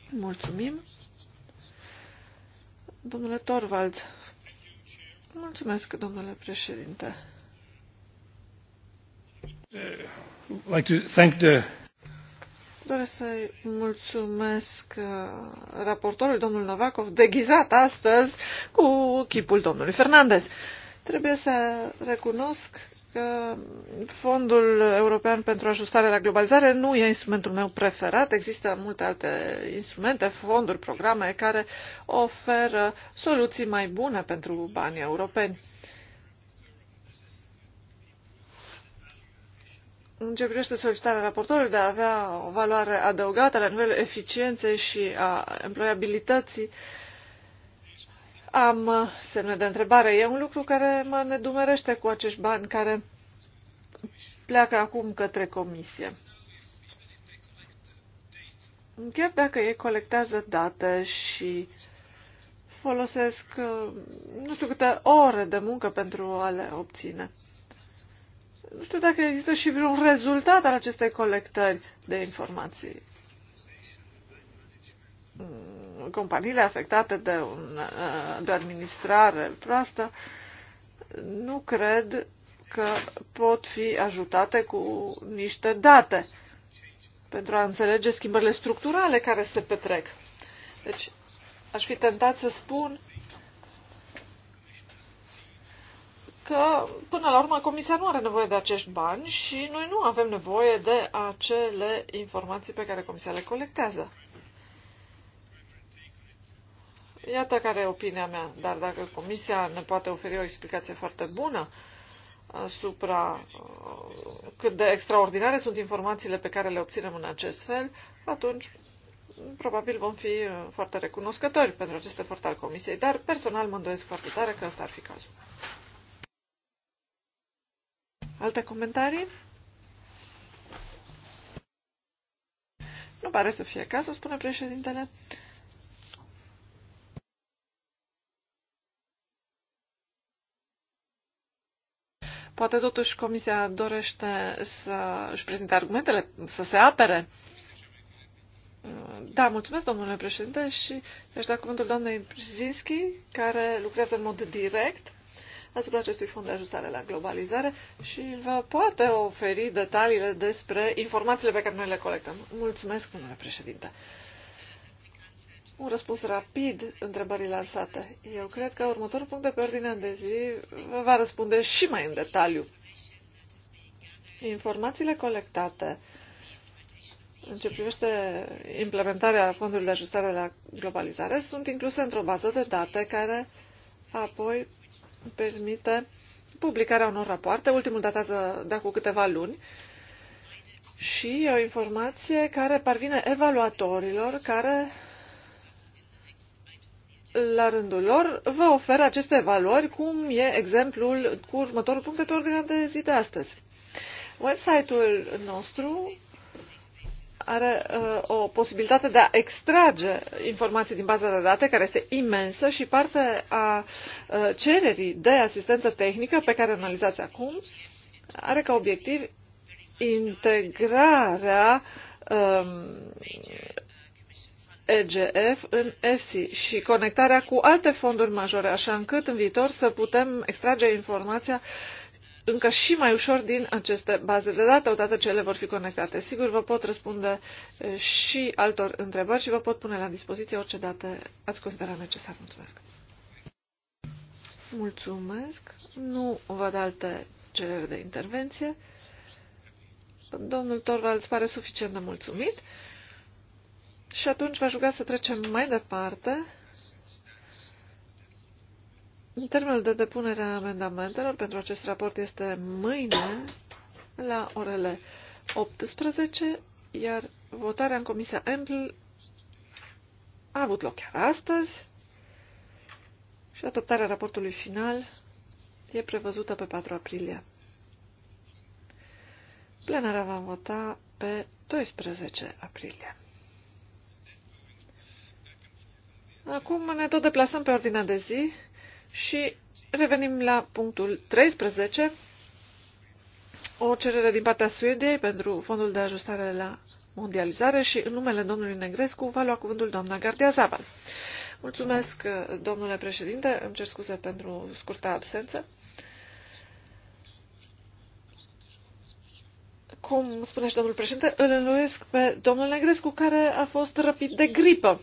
Mulțumim. Domnule Torvald, mulțumesc, domnule președinte. Uh, like to thank the Doresc să-i mulțumesc uh, raportorul domnul Novakov, deghizat astăzi cu chipul domnului Fernandez. Trebuie să recunosc că Fondul European pentru Ajustare la Globalizare nu e instrumentul meu preferat. Există multe alte instrumente, fonduri, programe care oferă soluții mai bune pentru banii europeni. în ce privește solicitarea raportorului de a avea o valoare adăugată la nivelul eficienței și a employabilității, am semne de întrebare. E un lucru care mă nedumerește cu acești bani care pleacă acum către comisie. Chiar dacă ei colectează date și folosesc uh, nu știu câte ore de muncă pentru a le obține. Nu știu dacă există și vreun rezultat al acestei colectări de informații. Companiile afectate de, un, de administrare proastă nu cred că pot fi ajutate cu niște date pentru a înțelege schimbările structurale care se petrec. Deci, aș fi tentat să spun că, până la urmă, Comisia nu are nevoie de acești bani și noi nu avem nevoie de acele informații pe care Comisia le colectează. Iată care e opinia mea, dar dacă Comisia ne poate oferi o explicație foarte bună asupra uh, uh, cât de extraordinare sunt informațiile pe care le obținem în acest fel, atunci probabil vom fi uh, foarte recunoscători pentru acest efort al Comisiei, dar personal mă îndoiesc foarte tare că ăsta ar fi cazul. Alte comentarii? Nu pare să fie cazul, spune președintele. Poate totuși Comisia dorește să își prezinte argumentele, să se apere. Da, mulțumesc, domnule președinte, și aș da cuvântul doamnei Brzinski, care lucrează în mod direct asupra acestui fond de ajustare la globalizare și vă poate oferi detaliile despre informațiile pe care noi le colectăm. Mulțumesc, domnule președinte. Un răspuns rapid întrebării lansate. Eu cred că următorul punct de pe ordinea de zi vă va răspunde și mai în detaliu. Informațiile colectate în ce privește implementarea fondului de ajustare la globalizare, sunt incluse într-o bază de date care apoi permite publicarea unor rapoarte, ultimul datat de acum câteva luni, și o informație care parvine evaluatorilor care la rândul lor, vă oferă aceste evaluări, cum e exemplul cu următorul punct de pe ordinea de zi de astăzi. Website-ul nostru are uh, o posibilitate de a extrage informații din baza de date, care este imensă și parte a uh, cererii de asistență tehnică pe care analizați acum, are ca obiectiv integrarea um, EGF în EFSI și conectarea cu alte fonduri majore, așa încât în viitor să putem extrage informația uh, încă și mai ușor din aceste baze de date, odată ce ele vor fi conectate. Sigur, vă pot răspunde și altor întrebări și vă pot pune la dispoziție orice date ați considera necesar. Mulțumesc! Mulțumesc! Nu văd alte cereri de intervenție. Domnul Torvalds pare suficient de mulțumit. Și atunci v-aș ruga să trecem mai departe Termenul de depunere a amendamentelor pentru acest raport este mâine la orele 18, iar votarea în Comisia Ampl a avut loc chiar astăzi și adoptarea raportului final e prevăzută pe 4 aprilie. Plenarea va vota pe 12 aprilie. Acum ne tot deplasăm pe ordinea de zi și revenim la punctul 13, o cerere din partea Suediei pentru Fondul de Ajustare la Mondializare și în numele domnului Negrescu va lua cuvântul doamna Gardia Zaval. Mulțumesc, domnule președinte, îmi cer scuze pentru scurta absență. Cum spune și domnul președinte, îl înluiesc pe domnul Negrescu, care a fost răpit de gripă. Uh,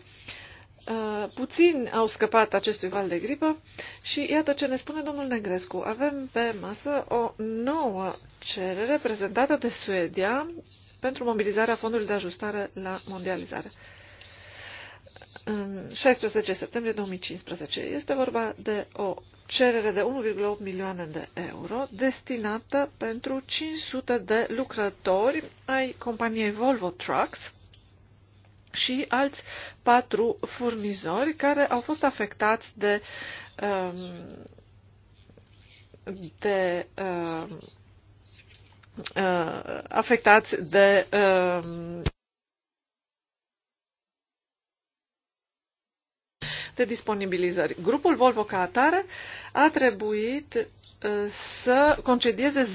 Uh, puțini au scăpat acestui val de gripă și iată ce ne spune domnul Negrescu. Avem pe masă o nouă cerere prezentată de Suedia pentru mobilizarea fondului de ajustare la mondializare. În 16 septembrie 2015 este vorba de o cerere de 1,8 milioane de euro destinată pentru 500 de lucrători ai companiei Volvo Trucks și alți patru furnizori care au fost afectați de, um, de um, uh, afectați de um, de disponibilizări. Grupul Volvo ca atare a trebuit să concedieze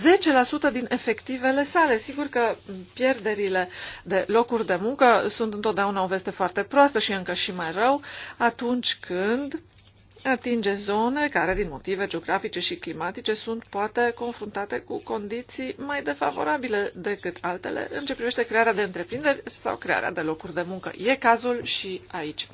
10% din efectivele sale. Sigur că pierderile de locuri de muncă sunt întotdeauna o veste foarte proastă și încă și mai rău atunci când atinge zone care, din motive geografice și climatice, sunt poate confruntate cu condiții mai defavorabile decât altele în ce privește crearea de întreprinderi sau crearea de locuri de muncă. E cazul și aici.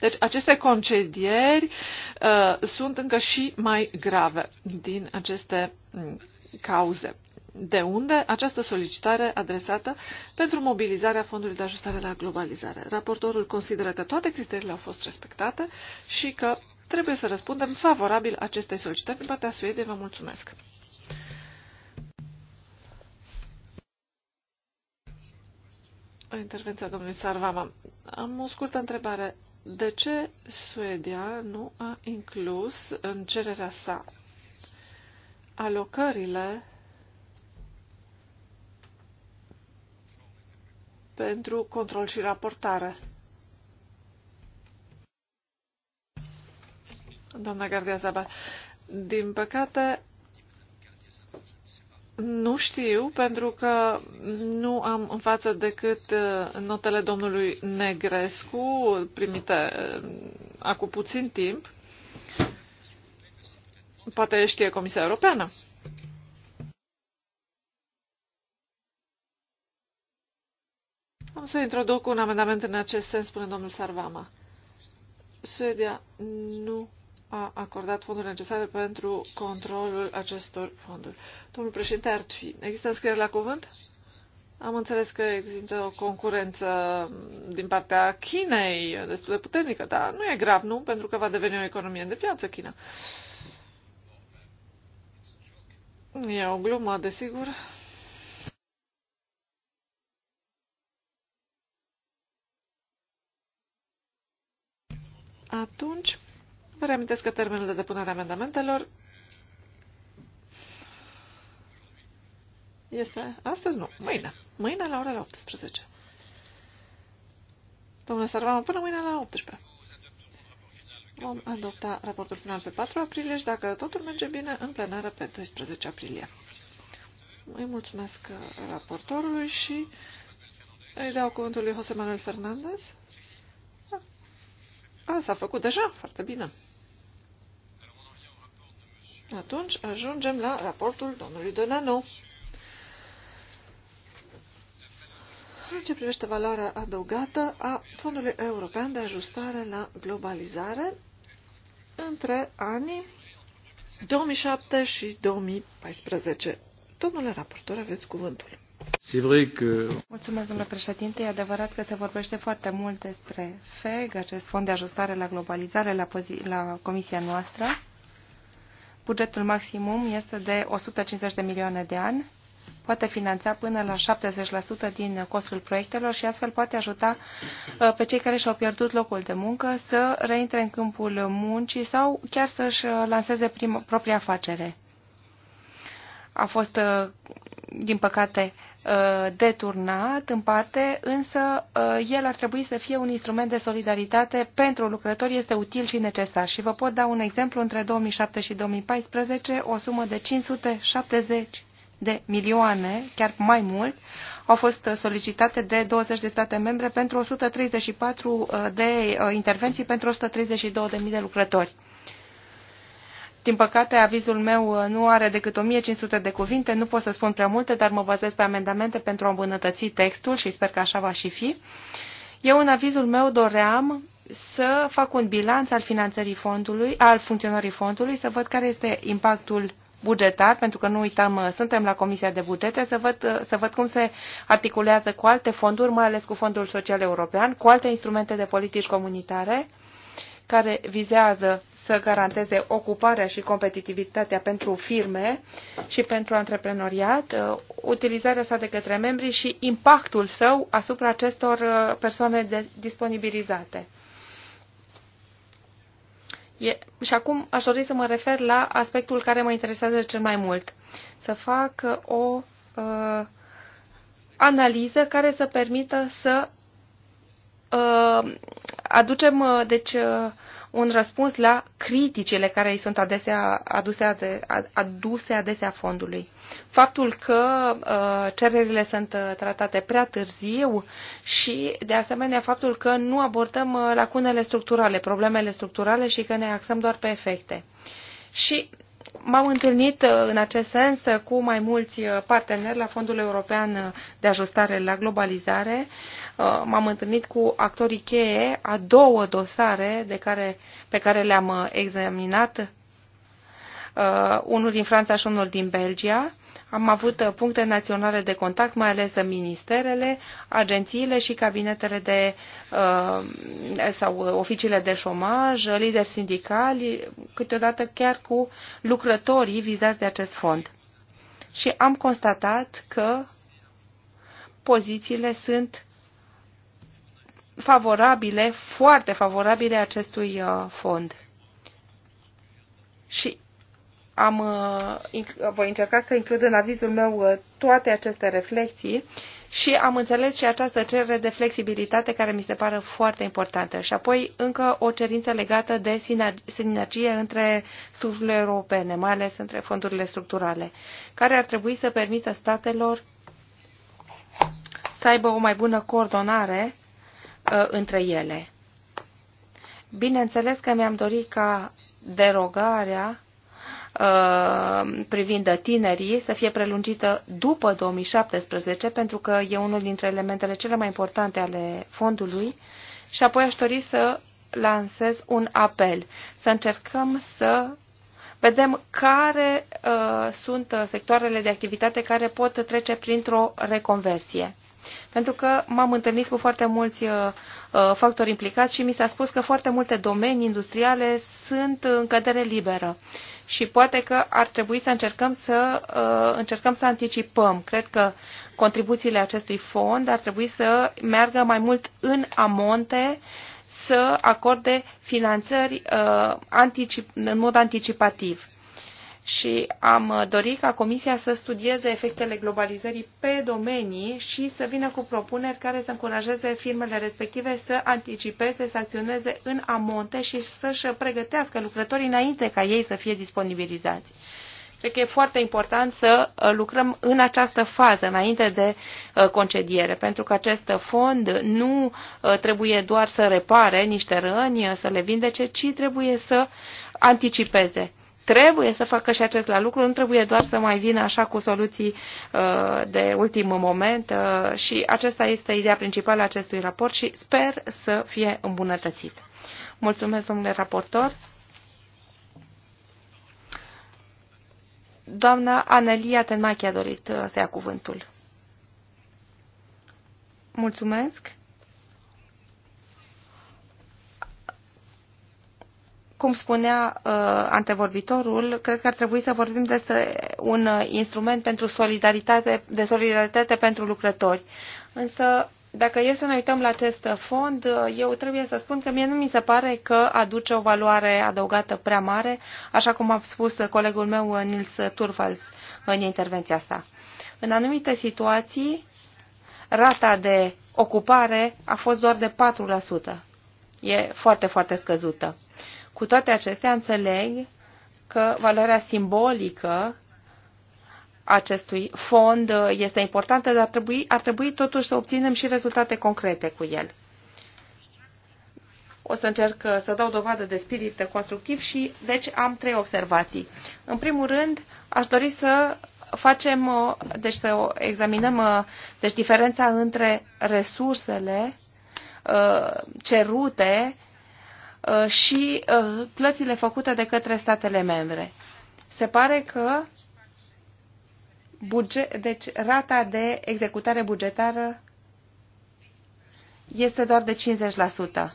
Deci, aceste concedieri uh, sunt încă și mai grave din aceste mm, cauze. De unde această solicitare adresată pentru mobilizarea Fondului de Ajustare la Globalizare? Raportorul consideră că toate criteriile au fost respectate și că trebuie să răspundem favorabil acestei solicitări din partea Suediei. Vă mulțumesc! Intervenția domnului Sarvama. Am o scurtă întrebare. De ce Suedia nu a inclus în cererea sa alocările pentru control și raportare? doamna Gardia Zabal. Din păcate, nu știu, pentru că nu am în față decât uh, notele domnului Negrescu, primite uh, acum puțin timp. Poate știe Comisia Europeană. Am să introduc un amendament în acest sens, spune domnul Sarvama. Suedia nu a acordat fondurile necesare pentru controlul acestor fonduri. Domnul președinte ar fi? există înscriere la cuvânt? Am înțeles că există o concurență din partea Chinei destul de puternică, dar nu e grav, nu? Pentru că va deveni o economie de piață China. E o glumă, desigur. Atunci, Vă reamintesc că termenul de depunere a amendamentelor este astăzi, nu, mâine. Mâine la orele 18. Domnule Sarvan, până mâine la 18. Vom adopta raportul final pe 4 aprilie și dacă totul merge bine, în plenară pe 12 aprilie. Îi mulțumesc raportorului și îi dau cuvântul lui José Manuel Fernández? A, s-a făcut deja? Foarte bine. Atunci ajungem la raportul domnului Donano. În ce privește valoarea adăugată a Fondului European de Ajustare la Globalizare între anii 2007 și 2014. Domnule raportor, aveți cuvântul. Mulțumesc, domnule președinte. E adevărat că se vorbește foarte mult despre FEG, acest fond de ajustare la globalizare, la, la comisia noastră. Bugetul maximum este de 150 de milioane de ani. Poate finanța până la 70% din costul proiectelor și astfel poate ajuta uh, pe cei care și-au pierdut locul de muncă să reintre în câmpul muncii sau chiar să-și uh, lanseze prim, propria afacere a fost, uh, din păcate, uh, deturnat în parte, însă uh, el ar trebui să fie un instrument de solidaritate pentru lucrători, este util și necesar. Și vă pot da un exemplu, între 2007 și 2014, o sumă de 570 de milioane, chiar mai mult, au fost solicitate de 20 de state membre pentru 134 de intervenții pentru 132.000 de lucrători. Din păcate, avizul meu uh, nu are decât 1500 de cuvinte, nu pot să spun prea multe, dar mă bazez pe amendamente pentru a îmbunătăți textul și sper că așa va și fi. Eu în avizul meu doream să fac un bilanț al finanțării fondului, al funcționării fondului, să văd care este impactul bugetar, pentru că nu uităm, uh, suntem la Comisia de Bugete, să văd, uh, să văd cum se articulează cu alte fonduri, mai ales cu Fondul Social European, cu alte instrumente de politici comunitare care vizează să garanteze ocuparea și competitivitatea pentru firme și pentru antreprenoriat, uh, utilizarea sa de către membri și impactul său asupra acestor uh, persoane disponibilizate. E, și acum aș dori să mă refer la aspectul care mă interesează cel mai mult. Să fac uh, o uh, analiză care să permită să aducem, uh, deci, uh, un răspuns la criticile care îi sunt adesea, aduse, ade, aduse adesea fondului. Faptul că uh, cererile sunt uh, tratate prea târziu și, de asemenea, faptul că nu abordăm lacunele structurale, problemele structurale și că ne axăm doar pe efecte. Și m-am întâlnit în acest sens cu mai mulți parteneri la Fondul European de Ajustare la Globalizare, uh, Uh, m-am întâlnit cu actorii cheie a două dosare de care, pe care le-am uh, examinat, uh, unul din Franța și unul din Belgia. Am avut puncte naționale de contact, mai ales ministerele, agențiile și cabinetele de sau oficiile de șomaj, lideri sindicali, câteodată chiar cu lucrătorii vizați de acest fond. Și am constatat că pozițiile sunt favorabile, foarte favorabile acestui uh, fond. Și am, uh, voi încerca să includ în avizul meu uh, toate aceste reflexii și am înțeles și această cerere de flexibilitate care mi se pare foarte importantă. Și apoi încă o cerință legată de sinergie între structurile europene, mai ales între fondurile structurale, care ar trebui să permită statelor să aibă o mai bună coordonare Uh, între ele. Bineînțeles că mi-am dorit ca derogarea uh, privind tinerii să fie prelungită după 2017, pentru că e unul dintre elementele cele mai importante ale fondului. Și apoi aș dori să lansez un apel, să încercăm să vedem care uh, sunt sectoarele de activitate care pot trece printr-o reconversie. Pentru că m-am întâlnit cu foarte mulți uh, uh, factori implicați și mi s-a spus că foarte multe domenii industriale sunt în cădere liberă și poate că ar trebui să încercăm să uh, încercăm să anticipăm. Cred că contribuțiile acestui fond ar trebui să meargă mai mult în amonte să acorde finanțări uh, anticip, în mod anticipativ și am uh, dorit ca Comisia să studieze efectele globalizării pe domenii și să vină cu propuneri care să încurajeze firmele respective să anticipeze, să acționeze în amonte și să-și pregătească lucrătorii înainte ca ei să fie disponibilizați. Cred că e foarte important să uh, lucrăm în această fază, înainte de uh, concediere, pentru că acest fond nu trebuie doar să repare niște răni, să le vindece, ci trebuie să anticipeze trebuie să facă și acest la lucru, nu trebuie doar să mai vină așa cu soluții uh, de ultim moment uh, și acesta este ideea principală a acestui raport și sper să fie îmbunătățit. Mulțumesc, domnule raportor. Doamna Anelia Tenmachi a dorit uh, să ia cuvântul. Mulțumesc. Cum spunea uh, antevorbitorul, cred că ar trebui să vorbim despre un uh, instrument pentru solidaritate, de solidaritate pentru lucrători. Însă, dacă e să ne uităm la acest fond, uh, eu trebuie să spun că mie nu mi se pare că aduce o valoare adăugată prea mare, așa cum a spus colegul meu uh, Nils Turfals în intervenția sa. În anumite situații, rata de ocupare a fost doar de 4%. E foarte, foarte scăzută. Cu toate acestea, înțeleg că valoarea simbolică acestui fond uh, este importantă, dar ar trebui, ar trebui totuși să obținem și rezultate concrete cu el. O să încerc uh, să dau dovadă de spirit constructiv și, deci, am trei observații. În primul rând, aș dori să facem, uh, deci să examinăm deci diferența între resursele cerute Uh, și uh, plățile făcute de către statele membre. Se pare că buget, deci rata de executare bugetară este doar de 50%.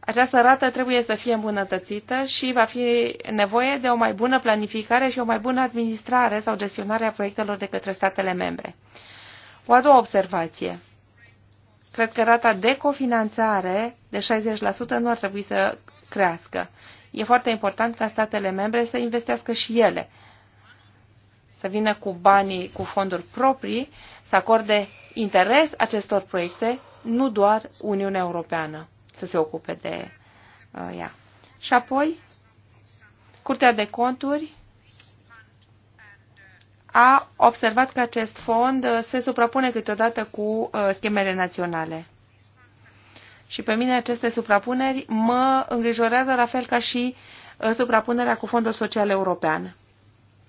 Această rată trebuie să fie îmbunătățită și va fi nevoie de o mai bună planificare și o mai bună administrare sau gestionare a proiectelor de către statele membre. O a doua observație cred că rata de cofinanțare de 60% nu ar trebui să crească. E foarte important ca statele membre să investească și ele, să vină cu banii, cu fonduri proprii, să acorde interes acestor proiecte, nu doar Uniunea Europeană să se ocupe de uh, ea. Și apoi, Curtea de Conturi a observat că acest fond uh, se suprapune câteodată cu uh, schemele naționale. Și pe mine aceste suprapuneri mă îngrijorează la fel ca și uh, suprapunerea cu Fondul Social European.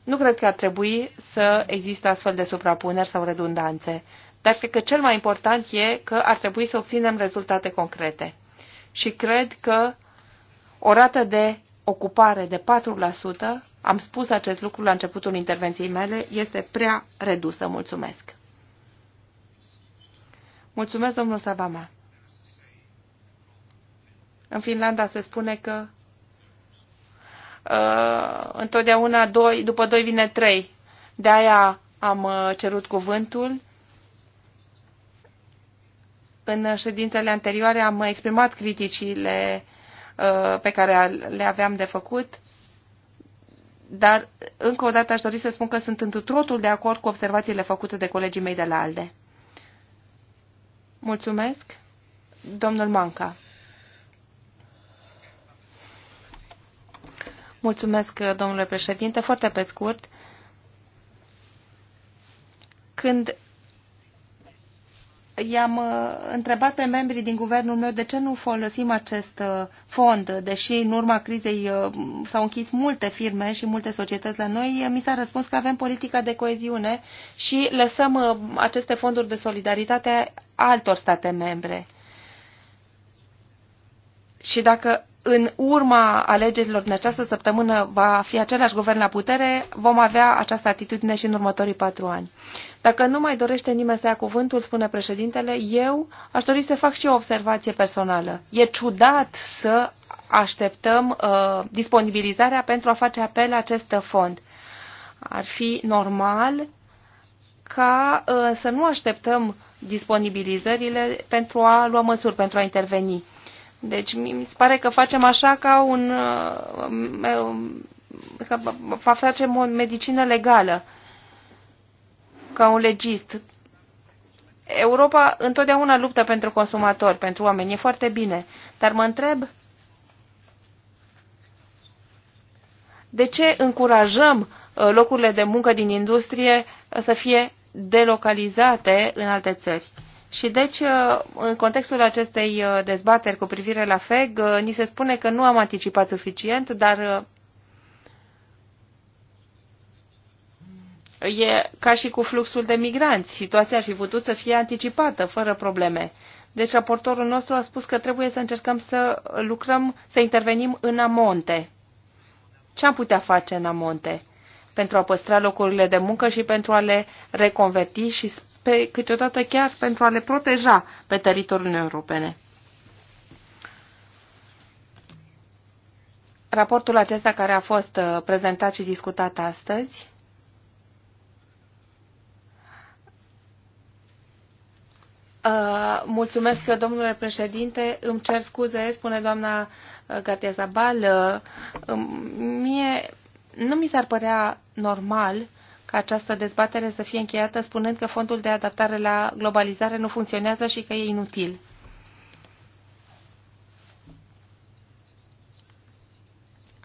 Nu cred că ar trebui să există astfel de suprapuneri sau redundanțe, dar cred că cel mai important e că ar trebui să obținem rezultate concrete. Și cred că o rată de ocupare de am spus acest lucru la începutul intervenției mele, este prea redusă. Mulțumesc. Mulțumesc, domnul Savama. În Finlanda se spune că uh, întotdeauna doi, după doi vine trei. De-aia am uh, cerut cuvântul. În ședințele anterioare am exprimat criticile uh, pe care le aveam de făcut dar, încă o dată, aș dori să spun că sunt întru totul de acord cu observațiile făcute de colegii mei de la ALDE. Mulțumesc. Domnul Manca. Mulțumesc, domnule președinte. Foarte pe scurt. Când i-am uh, întrebat pe membrii din guvernul meu de ce nu folosim acest uh, fond, deși în urma crizei uh, s-au închis multe firme și multe societăți la noi, mi s-a răspuns că avem politica de coeziune și lăsăm aceste fonduri de solidaritate altor state membre. Și dacă în urma alegerilor din această săptămână va fi același guvern la putere, vom avea această atitudine și în următorii patru ani. Dacă nu mai dorește nimeni să ia cuvântul, spune președintele, eu aș dori să fac și o observație personală. E ciudat să așteptăm uh, disponibilizarea pentru a face apel la acest fond. Ar fi normal ca uh, să nu așteptăm disponibilizările pentru a lua măsuri, pentru a interveni. Deci mi se pare că facem așa ca un... Uh, um, um, că facem o medicină legală, ca un legist. Europa întotdeauna luptă pentru consumatori, pentru oameni, e foarte bine. Dar mă întreb de ce încurajăm uh, locurile de muncă din industrie să fie delocalizate în alte țări. Și deci, uh, în contextul acestei uh, dezbateri cu privire la FEG, uh, ni se spune că nu am anticipat suficient, dar e ca și cu fluxul de migranți. Situația ar fi putut să fie anticipată, fără probleme. Deci raportorul nostru a spus că trebuie să încercăm să lucrăm, să intervenim în amonte. Ce am putea face în amonte? Pentru a păstra locurile de muncă și pentru a le reconverti și pe, câteodată chiar pentru a le proteja pe teritoriul europene. Raportul acesta care a fost uh, prezentat și discutat astăzi uh, Mulțumesc, domnule președinte. Îmi cer scuze, spune doamna uh, Gatia Zabal. Mie nu mi s-ar părea normal ca această dezbatere să fie încheiată spunând că fondul de adaptare la globalizare nu funcționează și că e inutil.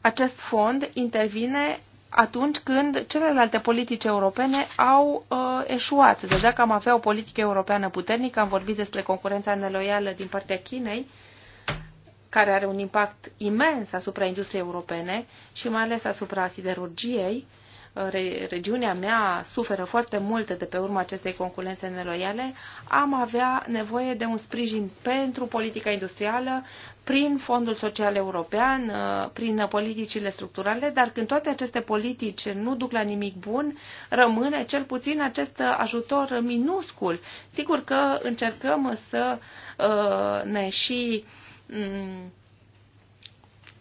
Acest fond intervine atunci când celelalte politici europene au uh, eșuat. Deci dacă am avea o politică europeană puternică, am vorbit despre concurența neloială din partea Chinei, care are un impact imens asupra industriei europene și mai ales asupra siderurgiei, uh, regiunea mea suferă foarte mult de pe urma acestei concurențe neloiale, am avea nevoie de un sprijin pentru politica industrială prin Fondul Social European, uh, prin politicile structurale, dar când toate aceste politici nu duc la nimic bun, rămâne cel puțin acest ajutor minuscul. Sigur că încercăm să uh, ne și mm,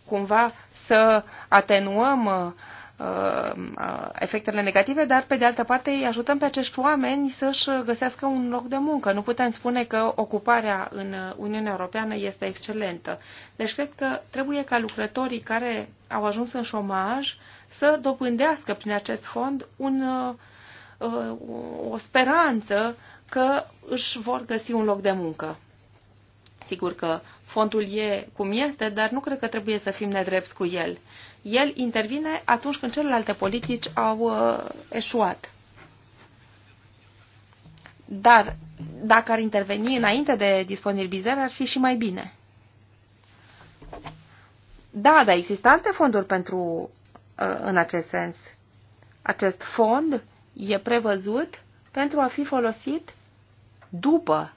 cumva să atenuăm uh, Uh, uh, efectele negative, dar pe de altă parte îi ajutăm pe acești oameni să-și găsească un loc de muncă. Nu putem spune că ocuparea în Uniunea Europeană este excelentă. Deci cred că trebuie ca lucrătorii care au ajuns în șomaj să dobândească prin acest fond un, uh, o speranță că își vor găsi un loc de muncă. Sigur că fondul e cum este, dar nu cred că trebuie să fim nedrepți cu el. El intervine atunci când celelalte politici au uh, eșuat. Dar dacă ar interveni înainte de disponibilizare, ar fi și mai bine. Da, dar există alte fonduri pentru, uh, în acest sens. Acest fond e prevăzut pentru a fi folosit după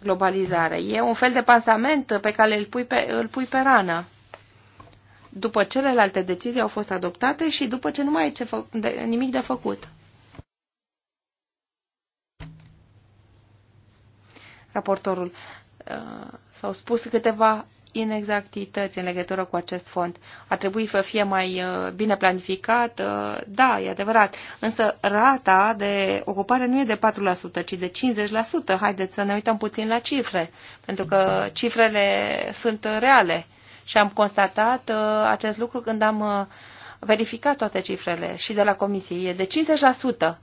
globalizare. E un fel de pansament pe care îl pui pe, îl pui pe rană. După celelalte decizii au fost adoptate și după ce nu mai e ce fă, de, nimic de făcut. Raportorul, uh, s-au spus câteva inexactități în legătură cu acest fond. Ar trebui să fie mai uh, bine planificat, uh, da, e adevărat, însă rata de ocupare nu e de 4%, ci de 50%. Haideți să ne uităm puțin la cifre, pentru că cifrele sunt reale și am constatat uh, acest lucru când am verificat toate cifrele și de la comisie. E de 50%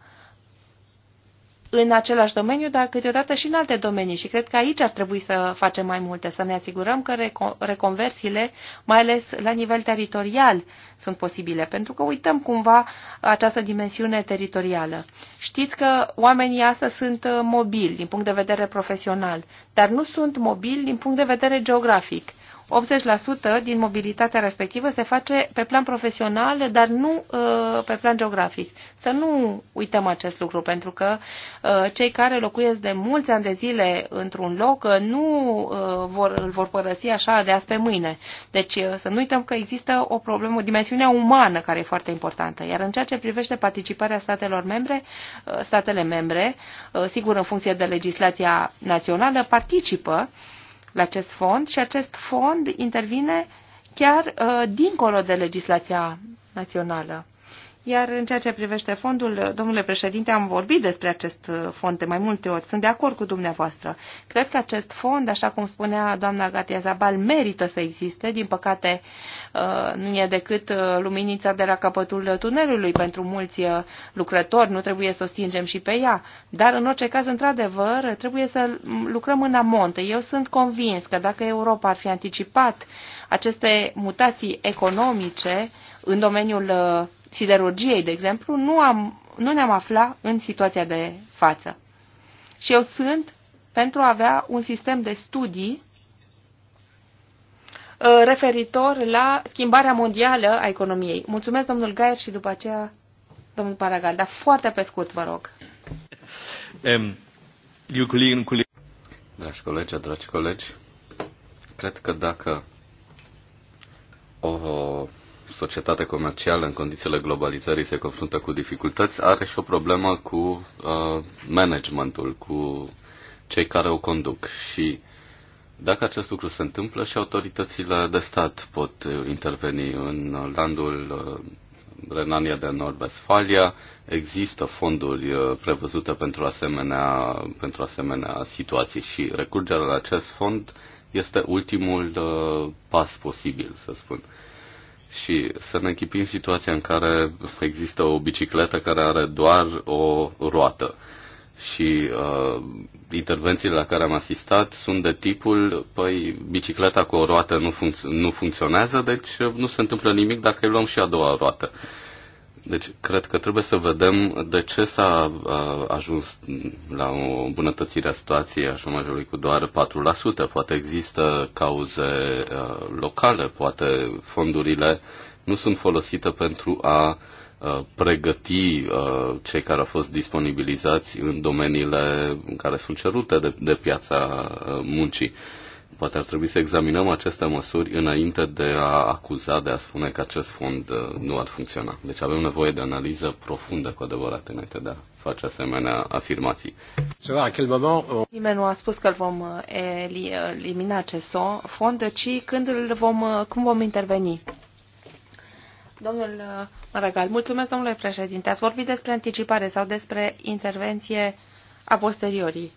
în același domeniu, dar câteodată și în alte domenii. Și cred că aici ar trebui să facem mai multe, să ne asigurăm că reconversiile, mai ales la nivel teritorial, sunt posibile, pentru că uităm cumva această dimensiune teritorială. Știți că oamenii astăzi sunt uh, mobili din punct de vedere profesional, dar nu sunt mobili din punct de vedere geografic. 80% din mobilitatea respectivă se face pe plan profesional, dar nu uh, pe plan geografic. Să nu uităm acest lucru, pentru că uh, cei care locuiesc de mulți ani de zile într-un loc uh, nu vor, îl vor părăsi așa de azi pe mâine. Deci să nu uităm că există o problemă, dimensiunea umană care e foarte importantă. Iar în ceea ce privește participarea statelor membre, statele membre, sigur în funcție de legislația națională, participă uh, la acest fond și acest fond intervine chiar uh, dincolo de legislația națională. Iar în ceea ce privește fondul, domnule președinte, am vorbit despre acest uh, fond de mai multe ori. Sunt de acord cu dumneavoastră. Cred că acest fond, așa cum spunea doamna Gatia Zabal, merită să existe. Din păcate, uh, nu e decât uh, luminița de la capătul tunelului pentru mulți lucrători. Nu trebuie să o stingem și pe ea. Dar, în orice caz, într-adevăr, trebuie să lucrăm în amonte. Eu sunt convins că dacă Europa ar fi anticipat aceste mutații economice în domeniul siderurgiei, de exemplu, nu, am, nu ne-am afla în situația de față. Și eu sunt pentru a avea un sistem de studii uh, referitor la schimbarea mondială a economiei. Mulțumesc, domnul Gaier, și după aceea domnul Paragal, dar foarte pe scurt, vă rog. Dragi colegi, dragi colegi, cred că dacă o societate comercială în condițiile globalizării se confruntă cu dificultăți, are și o problemă cu uh, managementul, cu cei care o conduc. Și dacă acest lucru se întâmplă, și autoritățile de stat pot interveni în landul uh, Renania de Nord-Vestfalia. Există fonduri uh, prevăzute pentru asemenea, pentru asemenea situații și recurgerea la acest fond este ultimul uh, pas posibil, să spun și să ne închipim situația în care există o bicicletă care are doar o roată. Și uh, intervențiile la care am asistat sunt de tipul, păi, bicicleta cu o roată nu, func- nu funcționează, deci nu se întâmplă nimic dacă îi luăm și a doua roată. Uh, deci, cred că trebuie să vedem de ce s-a ajuns la o îmbunătățire a situației a șomajului cu doar 4%. Poate există cauze locale, poate fondurile nu sunt folosite pentru a pregăti cei care au fost disponibilizați în domeniile în care sunt cerute de, de piața muncii. Poate ar trebui să examinăm aceste măsuri înainte de a acuza, de a spune că acest fond uh, nu ar funcționa. Deci avem nevoie de analiză profundă, cu adevărat, înainte de a face asemenea afirmații. Nimeni nu a spus că îl vom uh, elimina acest fond, ci când, îl vom, uh, cum vom interveni. Domnul Maragal, mulțumesc, domnule președinte. Ați vorbit despre anticipare sau despre intervenție a posteriorii.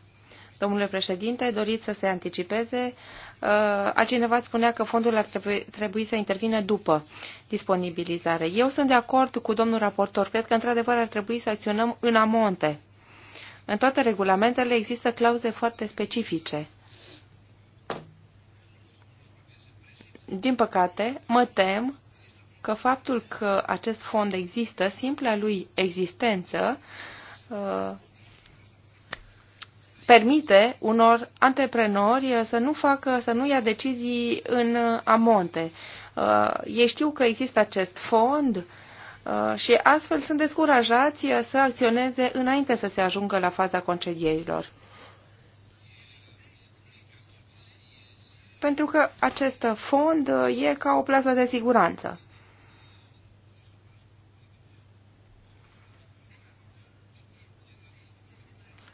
Domnule președinte, doriți să se anticipeze. Uh, Altcineva spunea că fondul ar trebui, trebui să intervină după disponibilizare. Eu sunt de acord cu domnul raportor. Cred că, într-adevăr, ar trebui să acționăm în amonte. În toate regulamentele există clauze foarte specifice. Din păcate, mă tem că faptul că acest fond există, simpla lui existență, uh, permite unor antreprenori să nu facă, să nu ia decizii în uh, amonte. Uh, ei știu că există acest fond uh, și astfel sunt descurajați să acționeze înainte să se ajungă la faza concedierilor. Pentru că acest fond e ca o plasă de siguranță.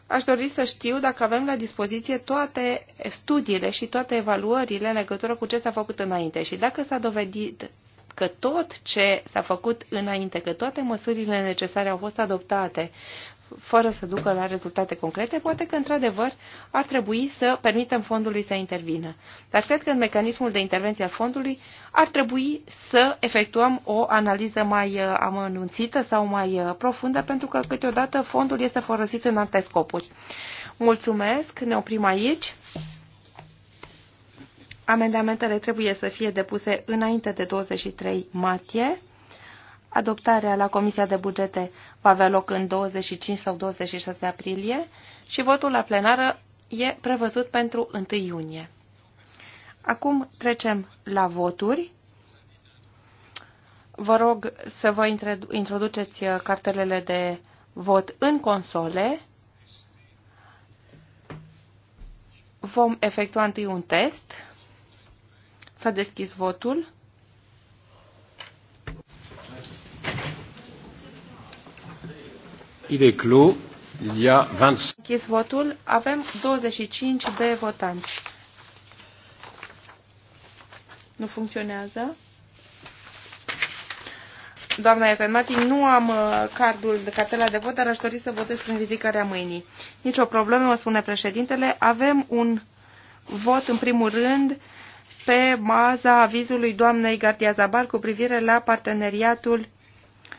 Aș dori să știu dacă avem la dispoziție toate studiile și toate evaluările în legătură cu ce s-a făcut înainte și dacă s-a dovedit că tot ce s-a făcut înainte, că toate măsurile necesare au fost adoptate fără să ducă la rezultate concrete, poate că, într-adevăr, ar trebui să permitem fondului să intervină. Dar cred că în mecanismul de intervenție al fondului ar trebui să efectuăm o analiză mai uh, amănunțită sau mai uh, profundă, pentru că câteodată fondul este folosit în alte scopuri. Mulțumesc, ne oprim aici. Amendamentele trebuie să fie depuse înainte de 23 martie. Adoptarea la Comisia de Bugete va avea loc în 25 sau 26 aprilie și votul la plenară e prevăzut pentru 1 iunie. Acum trecem la voturi. Vă rog să vă introduceți uh, cartelele de vot în console. Vom efectua întâi un test. S-a deschis votul. Il est clos. Il y a votul. Avem 25 de votanți. Nu funcționează. Doamna Iatenmati, nu am uh, cardul de cartela de vot, dar aș dori să votez prin ridicarea mâinii. Nici o problemă, spune președintele. Avem un vot, în primul rând, pe baza avizului doamnei Gardia Zabar cu privire la parteneriatul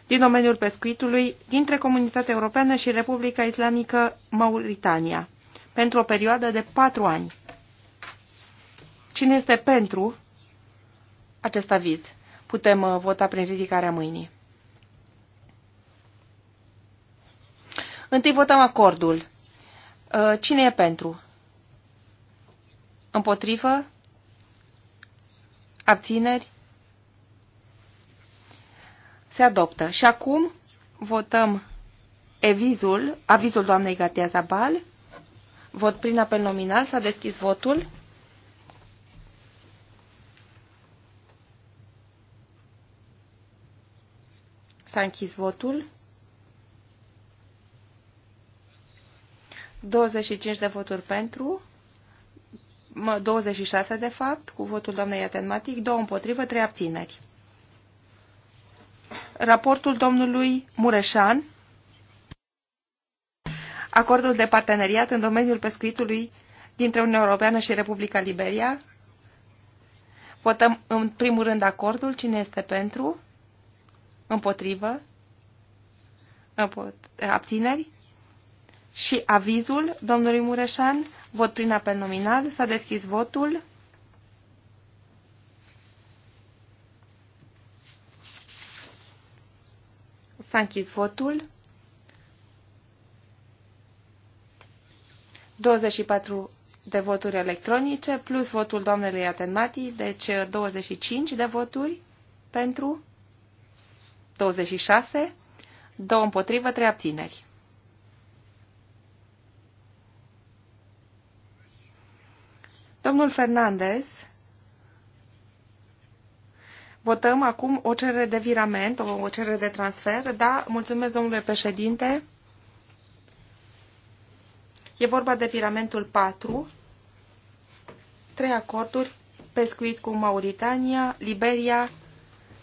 din domeniul pescuitului dintre Comunitatea Europeană și Republica Islamică Mauritania pentru o perioadă de patru ani. Cine este pentru acest aviz? Putem uh, vota prin ridicarea mâinii. Întâi votăm acordul. Uh, cine e pentru? Împotrivă? Abțineri? Se adoptă. Și acum votăm evizul, avizul doamnei Gatia Zabal. Vot prin apel nominal. S-a deschis votul. S-a închis votul. 25 de voturi pentru, 26 de fapt, cu votul doamnei Atenmatic, 2 împotrivă, 3 abțineri raportul domnului Mureșan, acordul de parteneriat în domeniul pescuitului dintre Uniunea Europeană și Republica Liberia. Votăm în primul rând acordul. Cine este pentru? Împotrivă? Abțineri? Și avizul domnului Mureșan, vot prin apel nominal, s-a deschis votul. S-a închis votul. 24 de voturi electronice plus votul doamnei Atenmati, deci 25 uh, de voturi pentru 26, 2 împotrivă, 3 abțineri. Domnul Fernandez Votăm acum o cerere de virament, o cerere de transfer. Da, mulțumesc, domnule președinte. E vorba de viramentul 4, trei acorduri, pescuit cu Mauritania, Liberia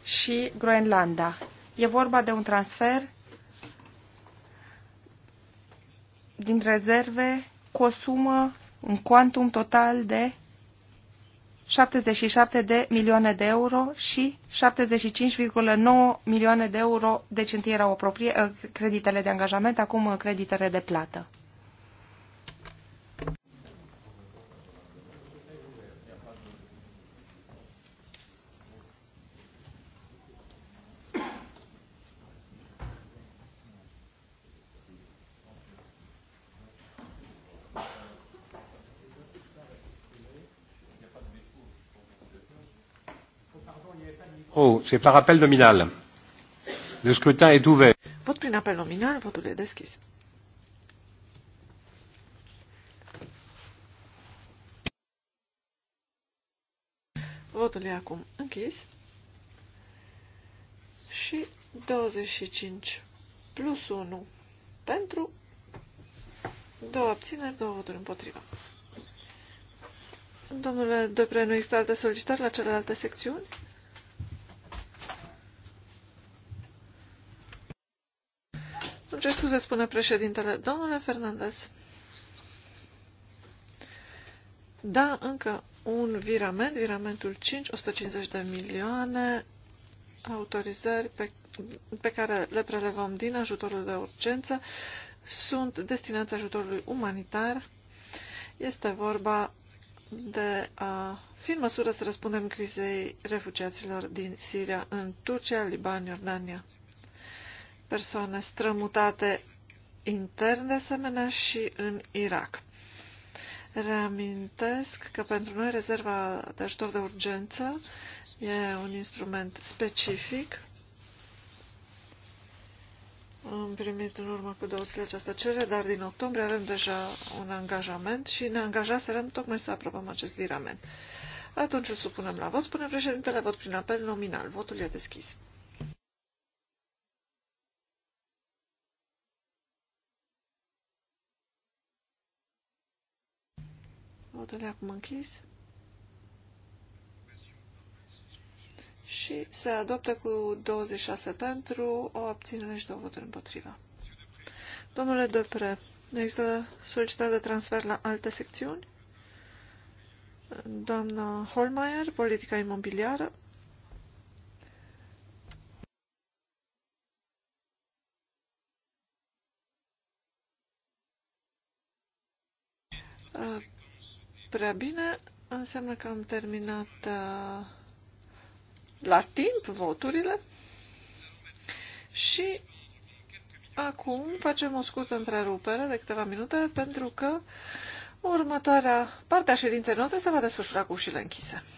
și Groenlanda. E vorba de un transfer din rezerve cu o sumă, un quantum total de 77 de milioane de euro și 75,9 milioane de euro, de deci întâi erau proprie, creditele de angajament, acum creditele de plată. C'est par appel nominal. Le scrutin est ouvert. Vot prin apel nominal, votul e deschis. Votul e acum închis. Și 25 plus 1 pentru, două abțineri, două voturi împotriva. Domnule Dopre, nu există alte solicitări la celelalte secțiuni? ce scuze, spune președintele. Domnule Fernandez, da, încă un virament, viramentul 5, 150 de milioane autorizări pe, pe care le prelevăm din ajutorul de urgență sunt destinați ajutorului umanitar. Este vorba de a fi în măsură să răspundem crizei refugiaților din Siria, în Turcia, Liban, Iordania persoane strămutate intern de asemenea și în Irak. Reamintesc că pentru noi rezerva de ajutor de urgență e un instrument specific. Am primit în urmă cu două zile această cerere, dar din octombrie avem deja un angajament și ne angajaserăm tocmai să aprobăm acest virament. Atunci îl supunem la vot. Pune președintele vot prin apel nominal. Votul e deschis. Votul e acum închis. Și se adoptă cu 26 pentru, o abținere și două voturi împotriva. Domnule Depre, există solicitări de transfer la alte secțiuni? Doamna Holmeier, politica imobiliară prea bine, înseamnă că am terminat uh, la timp voturile și acum facem o scurtă întrerupere de câteva minute pentru că următoarea parte a ședinței noastre se va desfășura cu ușile închise.